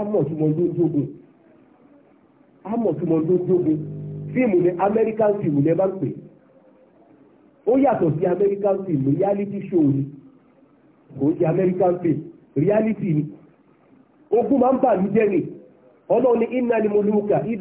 amọ̀túmọ̀ ló ndụ fíìmù ní American fíìmù ní ẹ bá ń pè ó yàtọ̀ sí American show ni kò ń American film reality ni ogun máa ń bà ní jẹ́ ni ọlọ́run ní inna al-muluka fil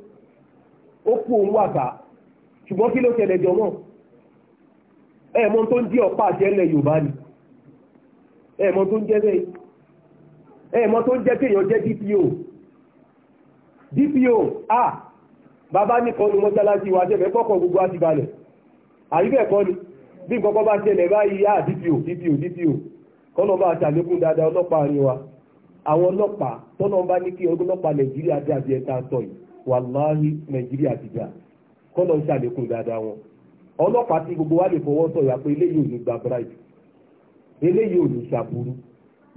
ó kú òun wà ká ṣùgbọ́n kí ló ṣẹlẹ̀ jọmọ́ tó ń jẹ́ ọ̀pá àti Yorùbá ni tó ń jẹ́ bẹ́ẹ̀ DPO DPO a bàbá nìkan ni mọ́ṣáláṣí wa gbogbo àti balẹ̀ àyíbẹ̀ kọ́ ni bí nǹkan bá ṣẹlẹ̀ a DPO DPO DPO kọ́nà bá ṣàlékún dáadáa ọlọ́pàá wa àwọn ọlọ́pàá tọ́nà bá ní kí ọlọ́pàá wàláhì nàìjíríà ti jà kọ́lọ̀ ń ṣàlékún dáadáa wọn ọlọ́pàá tí gbogbo wa lè fọwọ́ sọ̀yà pé eléyìí ò ní gba bribe eléyìí ò ní ṣàbùrú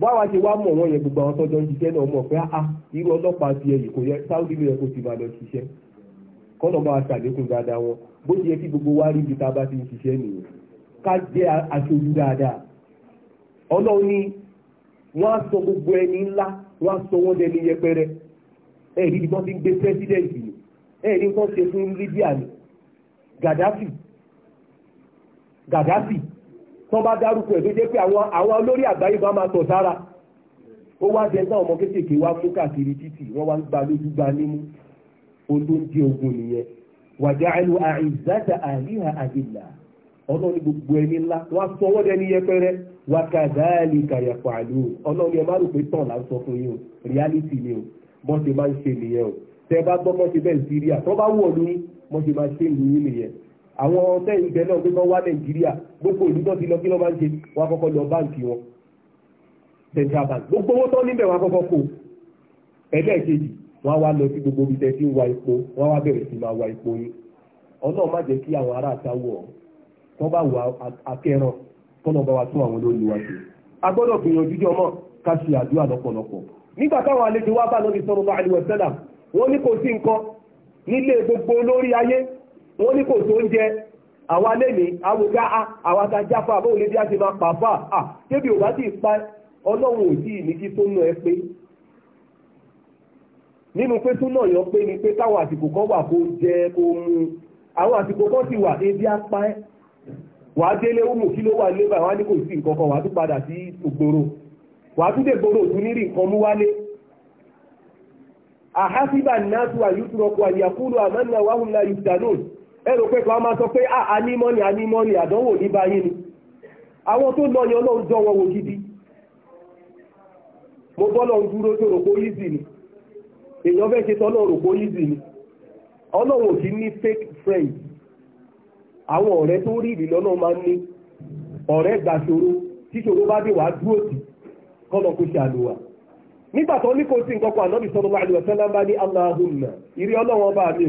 báwa ṣe wá mọ̀ wọ́n yẹn gbogbo àwọn tọ́jọ́ ń ṣiṣẹ́ náà mọ̀ pé á ah, ah, irú ọlọ́pàá ti ẹ̀yìn kò yẹ sáúdí kó ti máa lọ ṣiṣẹ́ kọ́lọ̀ ṣàlékún wọn bó gbogbo wa rí ibi tá a bá ti ń ṣiṣẹ́ nìyẹn ká ẹ̀rí ni wọ́n ti ń gbé ni ẹ̀rí wọ́n fún Libya ni Gaddafi Gaddafi tó bá dárúkọ ẹ̀ tó jẹ́ pé àwọn olórí àgbáyé bá máa tọ̀ sára ó wá jẹ náà ọmọ kéékèèké wá fún káàkiri títì wọ́n wá ń gba lójú gba nímú o ń di ogun nìyẹn wàjà ẹnu àìsàtà àríhà àdìlà gbogbo ẹni ńlá sọ wọ́n dẹni yẹpẹrẹ wákàdáàlì kàyàpọ̀ ẹ má rò pé tán là ń fún yín o reality ni o bọ́n ti máa ń ṣe nìyẹn o tẹ bá gbọ́ mọ́ ti bẹ́ẹ̀ Nàìjíríà bá wọ̀ mọ́ ti máa ṣe nìyí nìyẹn àwọn tẹ́yìn bẹ́ẹ̀ náà wá Nàìjíríà gbogbo ìlú náà lọ kí lọ́ máa ń ṣe wọ́n wọn central bank gbogbo owó níbẹ̀ wọ́n kó ẹlẹ́ẹ̀kejì wọ́n wá lọ sí gbogbo ibi tẹ́ ti ń wa epo wọ́n wá bẹ̀rẹ̀ sí máa wa epo yín má jẹ́ kí àwọn ará tó bá wà akẹ́ràn wa tún àwọn wa ṣe a gbìyànjú jọmọ́ ká ṣe àdúrà nígbà táwọn àlejò wá bá lórí sọ̀rọ̀ bá àlùwẹ̀ sẹ́là wọ́n ní kò sí nǹkan nílé gbogbo olórí ayé wọ́n ní kò tó ń jẹ àwa lẹ́ni awogá a ti máa pàfà à débi ò bá sì pa ọlọ́run ò tí ì ní kí tó ná ẹ pé nínú pé yọ ni pé táwọn àsìkò kan wà kó jẹ kó àwọn àsìkò ebi apá ẹ wàá délé ó mú kí ló wà kan wàá tún padà sí wà boro dé gbọ́rọ̀ òtún nírì nǹkan mú wálé àhásíbà náàtù àyútùrọ̀kù àyàkúlù na wàhùn náà yùtàdùn ẹrù pé kan máa sọ pé ànímọ́ni ah, ànímọ́ni àdánwò ní báyìí ni àwọn tó lọ yan lọ́n jọ wọn wò gidi mo bọ́lọ̀ ń dúró tó ni èèyàn fẹ́ ṣe tọ́lọ̀ ni ní fake friends àwọn ọ̀rẹ́ tó rí ìrìlọ́nà máa ń ní ọ̀rẹ́ gbàṣòro bá kọ́nà kó ṣe àlùwà nígbà tó ní kò sí nǹkan kan ànábì sọ́nà máa lè ọ̀sẹ́lá bá ní aláhùnmá ìrí ọlọ́wọ́n bá mi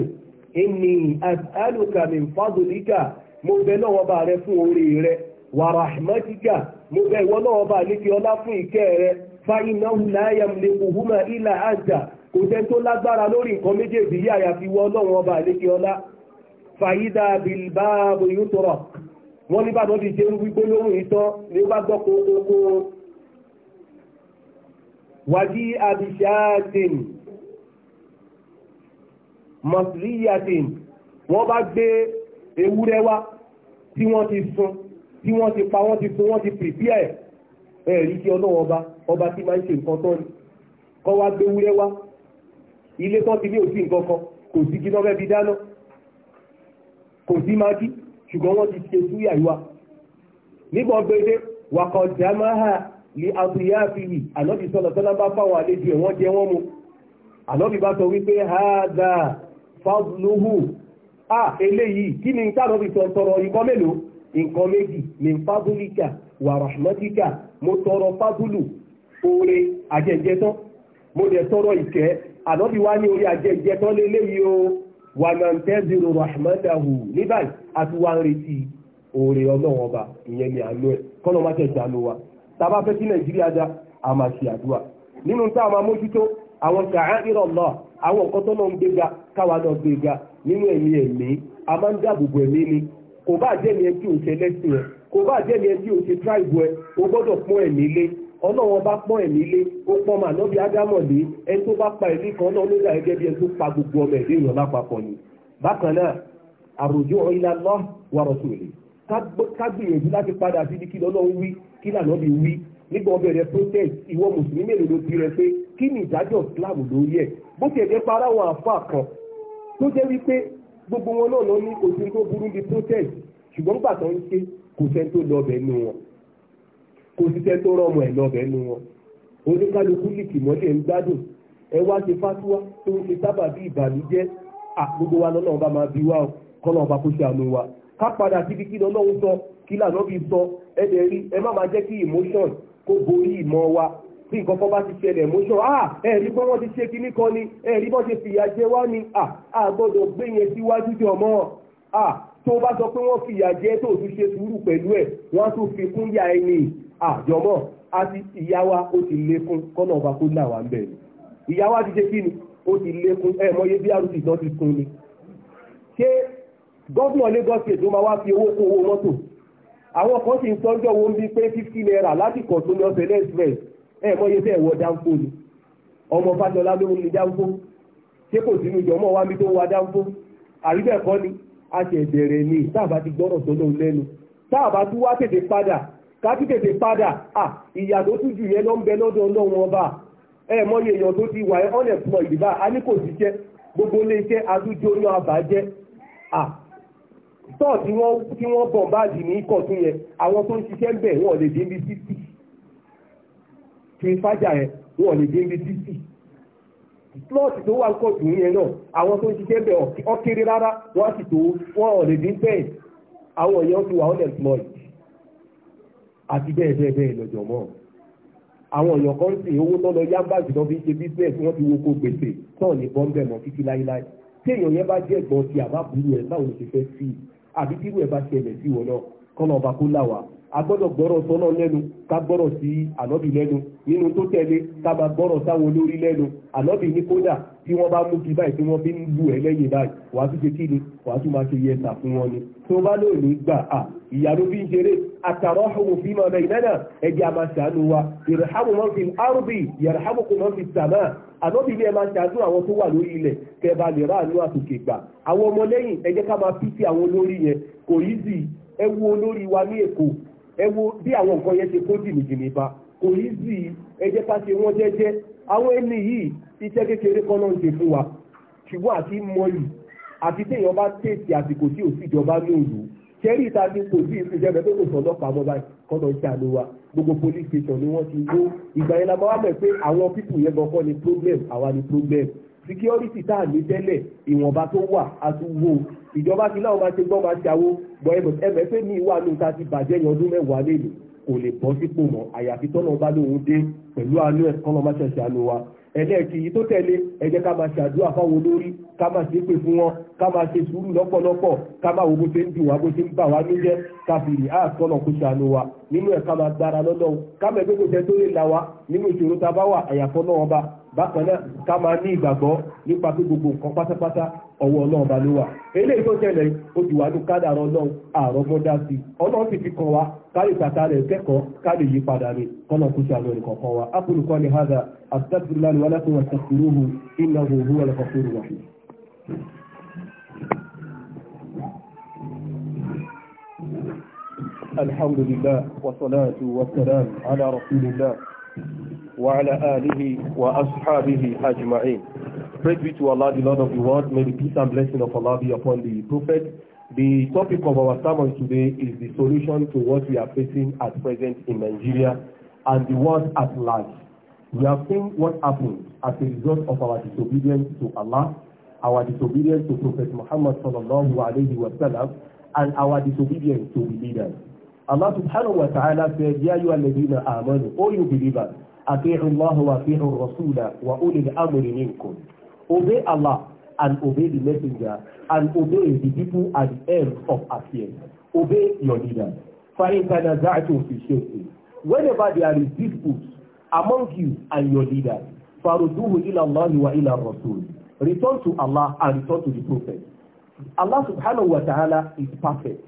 ìní àlùkà mi fàdùlíkà mo bẹ náà bá rẹ fún orí rẹ wàràhìmájíkà mo bẹ ìwọ náà bá ní kí ọlá fún ìkẹ́ rẹ fa iná láyà lè kùhùmá ìlà àjà kò tó lágbára lórí nǹkan méjèèjì yí àyàfi wọ bá ní kí wàjí abishatin masriyatin wọ́n bá gbé ewúrẹ́ wá tí wọ́n ti sun tí wọ́n ti pa wọ́n ti sun wọ́n ti prepare ẹ̀rí tí ọlọ́wọ́ ọba ọba tí máa ń ṣe nǹkan tán ni kọ́ wá gbé ewúrẹ́ wá ilé tán ti ní òsì nǹkan kan kò sí kí lọ́fẹ́ fi dáná kò sí májí ṣùgbọ́n wọ́n ti ṣe súyà ìwà nígbà gbèdé wàkọ̀ jàmáà lè àbúyá àfihì ànábì sọ́lọ̀ tọ́lá bá fáwọn àlejò ẹ̀ wọ́n jẹ wọ́n mu ànábì bá sọ wípé haada fadluhu a eléyìí kí ni tànábì sọ tọrọ ikọ́ mélòó nǹkan méjì ní fadulika wà rahmatika mo tọrọ fadulu oore àjẹjẹtán mo dẹ̀ tọrọ ìkẹ́ ànábì wá ní orí àjẹjẹtán léléyìí o wà nàntẹ́zìrò rahmatahu ní àti wà ń retí oore ọlọ́wọ́n ìyẹn ni àánú ẹ̀ kọ́nà má tẹ̀sí àánú wa tàbá fẹ́ sí nàìjíríà dá a máa ṣe àdúrà nínú tá a máa mójútó àwọn kàá ìrọ̀lọ́ àwọn nǹkan tó náà ń gbéga káwa náà gbéga nínú ẹ̀mí ẹ̀mí a máa ń dáàbòbò ẹ̀mí ni kò bá jẹ́ ni ẹ tí ò ṣe lẹ́sìn ẹ kò bá jẹ́ ni ẹ tí ò ṣe tíráìbù ẹ o gbọ́dọ̀ pọ́n ẹ̀mí lé ọlọ́wọ́n bá pọ́n ẹ̀mí lé ó pọ́n màá nọ́bí ádámọ̀ lé ẹni tó bá pa ẹ̀mí kan náà ló dà gẹ́gẹ́ bí ẹni tó pa gbogbo ọmọ ẹ̀dẹ́ ìrànlápapọ̀ ni bákan náà àròjọ ìlànà wàrọ̀sùn rèé kágbìyànjú láti padà síbi kí lọ́nà wí kí lànà bí wí nígbà wọn bẹ̀rẹ̀ protest ìwọ mùsùlùmí mélòó ló ti rẹ pé kí ni ìdájọ́ Islam lórí ẹ̀ bó ti ẹ̀jẹ̀ para àwọn àfa kan tó jẹ́ wípé gbogbo wọn náà lọ ní òsín tó burú bíi protest ṣùgbọ́n gbà tó ń ṣe kò sẹ́ni tó lọ bẹ̀ nu wọn kò sí sẹ́ni tó rọmọ ẹ̀ lọ bẹ̀ nu wọn oníkálukú lìkì mọ́lẹ̀ ń gbádùn ẹ wá ṣe fásiwá tó ń ṣe sábà ìbànújẹ́ àgbogbo wa lọ́nà ọba máa bí wá kọ́nà ọba kó ṣe àánú wa ká padà síbi kí lọ́lọ́run sọ kí lànà bí sọ ẹ rí ẹ má máa jẹ́ kí emotion kó borí ìmọ̀ wa tí nǹkan kan bá ti ṣẹlẹ̀ emotion ah ẹ̀rí pé wọ́n ti ṣe kinní kan ni ẹ̀rí bọ́n ṣe fìyà jẹ wá ni ah àgbọ́dọ̀ gbé yẹn síwájú jọ mọ́ ah tó bá sọ pé wọ́n fìyà jẹ tó tún ṣe sùúrù pẹ̀lú ẹ̀ wọ́n tún fi kún yà ẹni àjọmọ́ àti ìyáwá ó ti lékún kọ́nà ọba kó náà wà ń bẹ̀ ni ìyáwá ti ṣe kí ni ó ti lékún ẹ̀ mọ́yé bí àrùn ìdán ti sun ni ṣé gọ́ọ̀nà Lagos state ló máa wá fi owó kún owó mọ́tò àwọn kan sì ń tọ́jọ́ owó ń bí pé fifty naira láti kọ̀ tó ní ọ̀sẹ̀ lẹ́sìrẹ́sì ẹ̀ mọ́yé tẹ́ dáńfó ni ọmọ Fáṣọlá ló ń ní dáńfó ṣé kò sínú ìjọmọ́ wa mi tó dáńfó ni a ṣe bẹ̀rẹ̀ ni táàbà ti gbọ́rọ̀ tó lóun lẹ́nu táàbà tún wá tètè padà tètè padà tó tún yẹn ń bẹ tọ́ tí wọ́n tí wọ́n bọ̀ báàdì ní ikọ̀ tún yẹ àwọn tó ń ṣiṣẹ́ ń bẹ̀ wọ́n lè dé bí títì tí fájà yẹn wọ́n lè dé bí títì slọ́ọ̀tì tó wà kọ̀ tún yẹn náà àwọn tó ń ṣiṣẹ́ bẹ̀ ọ̀kéré rárá wọ́n sì tó wọ́n lè dé bẹ́ẹ̀ àwọn èèyàn ti wà unemployed àti bẹ́ẹ̀ bẹ́ẹ̀ bẹ́ẹ̀ lọ́jọ́ mọ́ àwọn èèyàn kan sì owó tọ́lọ yámbàjì lọ fi ń ṣe business wọ́n ti wo kó gbèsè tán ní bọ́ńbẹ̀ títí láíláí tí èèyàn yẹn bá jẹ́ ẹ̀gbọ́n ti àbá burú ẹ̀ báwo ló ṣe fẹ́ sí àbí kí irú ẹ̀ bá ṣẹlẹ̀ sí wọn náà kọ́nà ọba kó láwàá a gbọ́dọ̀ gbọ́rọ̀ sọ́nà lẹ́nu ká gbọ́rọ̀ sí ànọ́bì lẹ́nu nínú tó tẹ̀lé ká máa gbọ́rọ̀ sáwọn olórí lẹ́nu ànọ́bì ní kódà tí wọ́n bá mú kí báyìí tí wọ́n fi ń bù ẹ́ lẹ́yìn báyìí wàá tún ṣe kí ni wàá tún máa ṣe yẹ ẹ̀sà fún wọn ni tó bá lò ní gbà à ìyá ló fi ń ṣeré àtàrọ̀ ọ̀hún fi máa bẹ ìnáná ẹ̀jẹ̀ a máa ṣàánú wa ìrẹ̀hámù máa fi árùbì ìrẹ̀hámù kò máa fi sàmà ànọ́bì ni ẹ máa ṣàánú àwọn tó wà lórí ilẹ̀ kẹ́ bá lè ráàánú àtòkè gbà àwọn ọmọlẹ́yìn ẹ jẹ́ ká máa fi ẹ kò yí sí ẹjẹ́ ká ṣe wọ́n jẹ́jẹ́ àwọn ẹni yìí iṣẹ́ kékeré kan náà ń ṣe fún wa ṣùgbọ́n àti mọ́lì àti téèyàn bá tètè àsìkò tí òsìjọba ní òru kẹrí ìta ní kò sí ìfìjẹ́bẹ̀ tó kò sọ́dọ̀ pamọ́ báyìí kọ́dọ̀ ń ṣàánú wa gbogbo police station ni wọ́n ti wó ìgbà yẹn la máa mọ̀ pé àwọn people yẹn gan kọ́ ni problem àwa ni problem security tá à ní tẹ́lẹ̀ ìwọ̀nba tó wà á tún wó ìjọba ti láwọn máa ṣe gbọ́ máa ṣàwó gbọ́ ẹ̀mọ̀ pé ní ìwà ní ta ti bàjẹ́ yẹn mẹ́wàá lélẹ̀ kò lè bọ́ sípò mọ́ àyàfi tọ́nà bá lóun dé pẹ̀lú àánú ẹ̀ kọ́nà má ṣẹ̀ṣẹ̀ àánú wa ẹlẹ́ẹ̀kì yìí tó tẹ̀lé ẹ jẹ́ ká máa ṣe àdúrà fáwọn olórí ká máa ṣe pé fún wọn ká máa ṣe sùúrù lọ́pọ̀lọpọ̀ ká máa wo bó ṣe ń dùn wá bó ṣe ń bà wá ká fi rí àtọ́nà kó wa nínú ẹ̀ ká máa gbára lọ́dọ̀ ká mẹ́gbẹ́gbẹ́ tó lè là wá nínú ìṣòro kama náà ká máa ní ìgbàgbọ́ nípa gbogbo nǹkan pátápátá ọwọ́ ọlọ́run bá ló wà eléyìí tó a ó ti wà ní kádàrá ọlọ́run àrọ́gbọ́n dá sí ọlọ́run sì fi kàn wá kárí tàtà rẹ̀ kẹ́kọ̀ọ́ kárí yí padà kọ́nà wa ápùlùkọ́ ni hádà astaghfirullah وعلى آله وأصحابه أجمعين. Praise be to Allah, the Lord of the world. May the peace and blessing of Allah be upon the Prophet. The topic of our sermon today is the solution to what we are facing at present in Nigeria and the world at large. We have seen what happened as a result of our disobedience to Allah, our disobedience to Prophet Muhammad sallallahu alayhi wa sallam, and our disobedience to the leaders. Allah subhanahu wa ta'ala said, Ya you alladhina amanu, O you believers, ati'u Allah wa ati'u Rasula wa ulil amri minkum. Obey Allah and obey the messenger and obey the people at the end of affairs. Obey your leaders. فَإِنْ تَنَزَعْتُمْ فِي شَيْءٍ Whenever there is disputes among you and your leaders, فَرُدُّوهُ إِلَى اللَّهِ وَإِلَى الرَّسُولِ Return to Allah and return to the Prophet. Allah subhanahu wa ta'ala is perfect.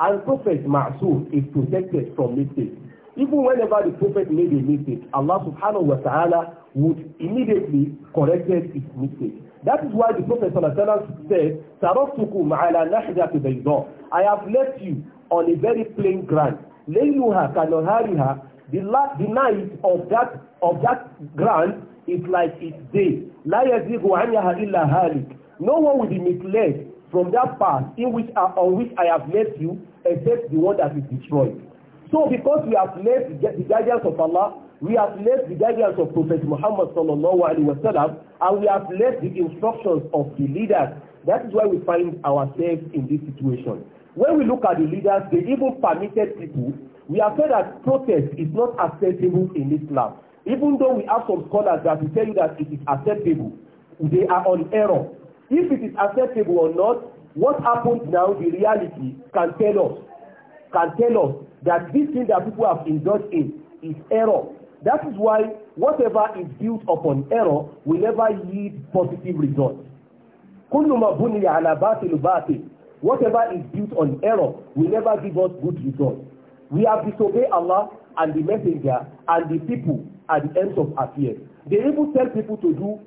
And prophet Ma'sum is protected from mistakes. Even whenever the prophet made a mistake, Allah subhanahu wa ta'ala would immediately correct his mistake. That is why the Prophet Sallallahu Alaihi Wasallam said, "Taraktukum ala nahdati bayda." I have left you on a very plain ground. Layluha kanahariha. The last, the night of that of that ground is like its day. La yazigu anha illa halik. No one will be misled from that path in which I, on which I have left you, except the one that is destroyed. So because we have left the guidance of Allah, we have left the guidance of Prophet Muhammad sallallahu alaihi wasallam, and we have left the instructions of the leaders. That is why we find ourselves in this situation. When we look at the leaders, they even permitted people. We have said that protest is not acceptable in Islam. Even though we have some scholars that will tell you that it is acceptable, they are on error If it is acceptable or not, what happens now, the reality can tell us, can tell us that this thing that people have indulged in is error. That is why whatever is built upon error will never yield positive results. Kullu ma buniya ala batil batil. Whatever is built on error will never give us good results. We have disobeyed Allah and the messenger and the people at the ends of affairs. They even tell people to do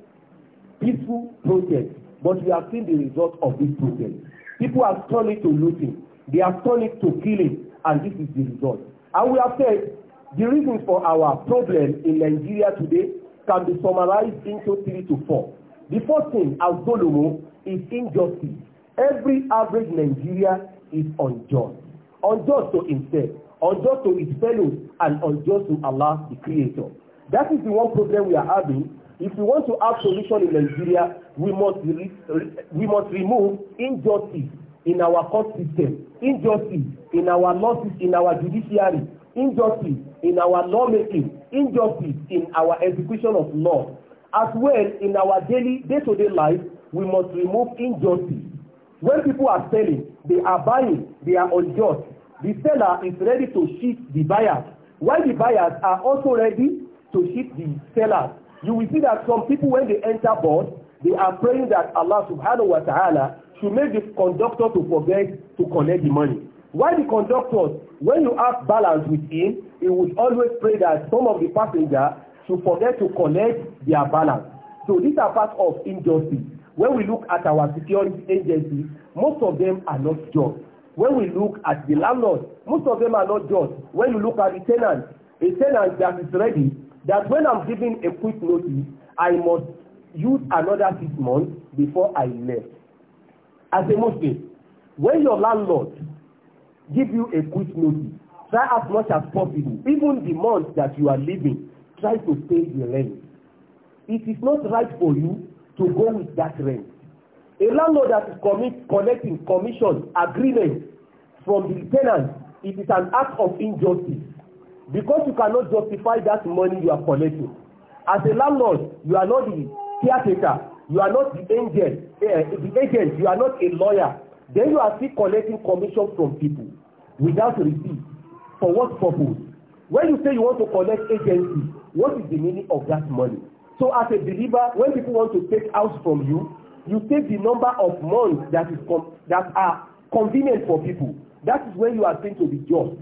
peaceful protests But we have seen the result of this process. People have turned it to looting. They have turned it to killing. And this is the result. And we have said the reason for our problem in Nigeria today can be summarized into three to four. The first thing, as Golomo, is injustice. Every average Nigerian is unjust. Unjust to himself, unjust to his fellows, and unjust to Allah, the Creator. That is the one problem we are having. If we want to have solution in Nigeria, we must re we must remove injustice in our court system injustice in our laws in our judiciary injustice in our lawmaking injustice in our execution of law as well in our daily day-to-day -day life we must remove injustice when people are selling they are buying they are unjust the seller is ready to cheat the buyers while the buyers are also ready to cheat the sellers you will see that some people when they enter board They are praying that Allah subhanahu wa ta'ala should make the conductor to forget to collect the money. Why the conductor, when you have balance with him, he would always pray that some of the passengers should forget to collect their balance. So these are part of injustice. When we look at our security agencies, most of them are not just. When we look at the landlord, most of them are not just. When you look at the tenant, a tenant that is ready, that when I'm giving a quick notice, I must Use another six months before I left. As a Muslim, when your landlord give you a quick notice, try as much as possible, even the month that you are living, try to pay the rent. It is not right for you to go with that rent. A landlord that is commit, collecting commission agreement from the tenant, it is an act of injustice because you cannot justify that money you are collecting. As a landlord, you are not the caretaker, you are not the agent, uh, the agent, you are not a lawyer. Then you are still collecting commission from people without receipt. For what purpose? When you say you want to collect agency, what is the meaning of that money? So as a deliver, when people want to take house from you, you take the number of months that is com that are convenient for people. That is when you are seen to be just.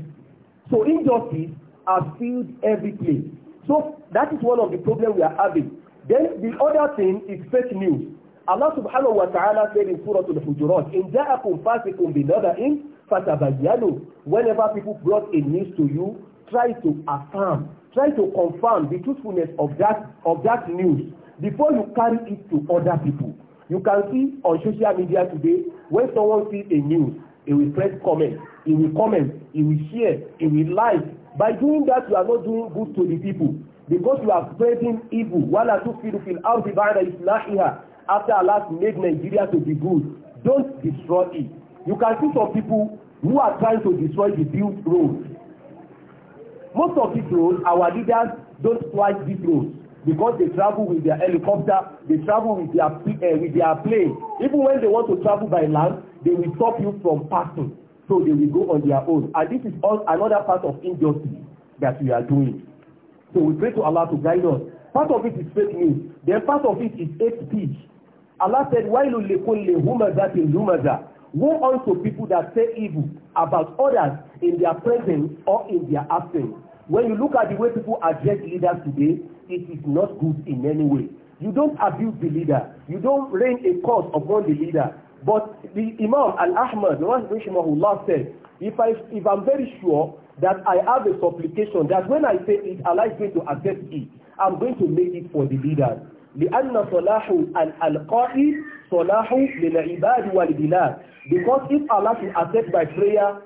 So injustice are filled every place. So that is one of the problem we are having. Then the other thing is fake news. Allah subhanahu wa ta'ala said in Surah Al-Hujurat, In ja'akum fasikum binaba'in fatabayyanu. Whenever people brought a news to you, try to affirm, try to confirm the truthfulness of that, of that news before you carry it to other people. You can see on social media today, when someone sees a news, he will press comment, he will comment, he will share, he will like. By doing that, you are not doing good to the people. Because you are spreading evil. while Wala tufidu fil ardi ba'da islahiha. After Allah made Nigeria to be good, don't destroy it. You can see some people who are trying to destroy the built roads. Most of these roads, our leaders don't like these roads because they travel with their helicopter, they travel with their uh, with their plane. Even when they want to travel by land, they will stop you from passing. So they will go on their own. And this is all another part of injustice that we are doing. So we pray to Allah to guide us. Part of it is fake news. Then part of it is hate speech. Allah said, "Why وَيْلٌ لِكُلِّ هُمَزَةٍ لُمَزَةٍ Woe unto people that say evil about others in their presence or in their absence. When you look at the way people address leaders today, it is not good in any way. You don't abuse the leader. You don't rain a curse upon the leader. But the Imam Al-Ahmad, the Rahimahullah said, if, I, if I'm very sure that I have a supplication that when I say it, Allah is going to accept it. I'm going to make it for the leaders. لأن صلاح القائل صلاح للعباد والبلاد because if Allah will accept my prayer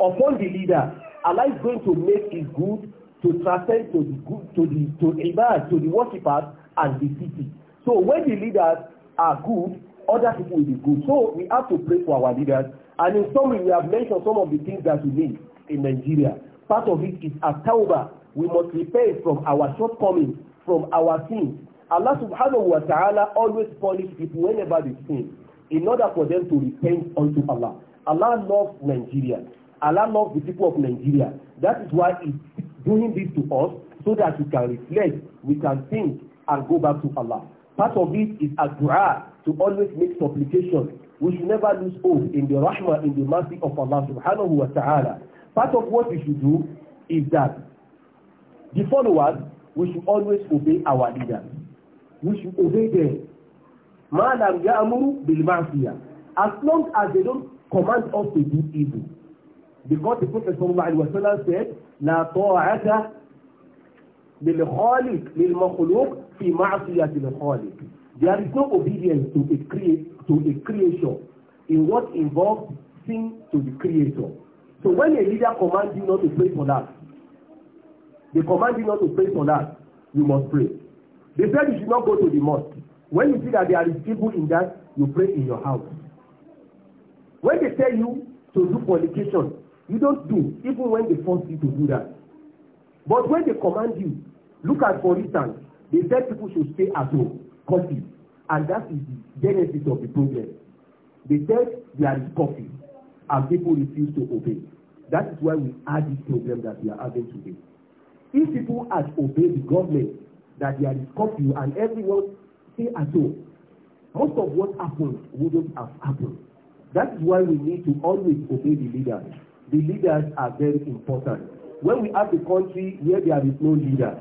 upon the leader, Allah is going to make it good to transcend to the good, to the to ibad, to the worshippers and the city. So when the leaders are good, other people will be good. So we have to pray for our leaders. And in summary, we have mentioned some of the things that we need in Nigeria. Part of it is at-tawbah. We must repent from our shortcomings, from our sins. Allah subhanahu wa ta'ala always punish people whenever they sin in order for them to repent unto Allah. Allah loves Nigeria. Allah loves the people of Nigeria. That is why he's doing this to us so that we can reflect, we can think, and go back to Allah. Part of it is a dua to always make supplication. We should never lose hope in the rahmah, in the mercy of Allah subhanahu wa ta'ala. Part of what we should do is that the followers, we should always obey our leaders. We should obey them. Ma'alam ya'amuru bil ma'siyah. As long as they don't command us to do evil. Because the Prophet sallallahu alaihi wasallam said, لا طاعة للخالق للمخلوق في معصية الخالق. There is no obedience to a, crea to a creation in what involves sin to the creator. So when a leader commands you not to pray for that, they command you not to pray for that, you must pray. They said you should not go to the mosque. When you see that there is people in that, you pray in your house. When they tell you to do fornication, you don't do, even when they force you to do that. But when they command you, look at for instance, they said people should stay at home, coffee, and that is the genesis of the problem. They said there is coffee and people refuse to obey. That is why we have this problem that we are having today. If people had obeyed the government that there is curfew and everyone stay at home, most of what happened wouldn't have happened. That is why we need to always obey the leaders. The leaders are very important. When we have a country where there is no leader,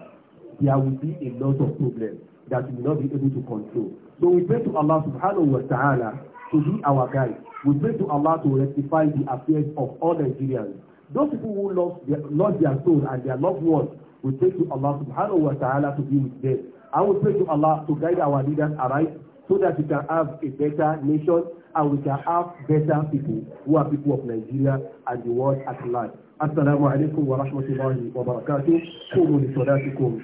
there will be a lot of problems that we will not be able to control. So we pray to Allah subhanahu wa ta'ala to be our guide. We pray to Allah to rectify the affairs of all Nigerians. Those people who lost their, lost their soul and their loved ones, we pray to Allah subhanahu wa ta'ala to be with them. I will pray to Allah to guide our leaders aright so that we can have a better nation and we can have better people who are people of Nigeria and the world at large. Assalamu alaikum wa rahmatullahi wa barakatuh. Kumu li salatikum.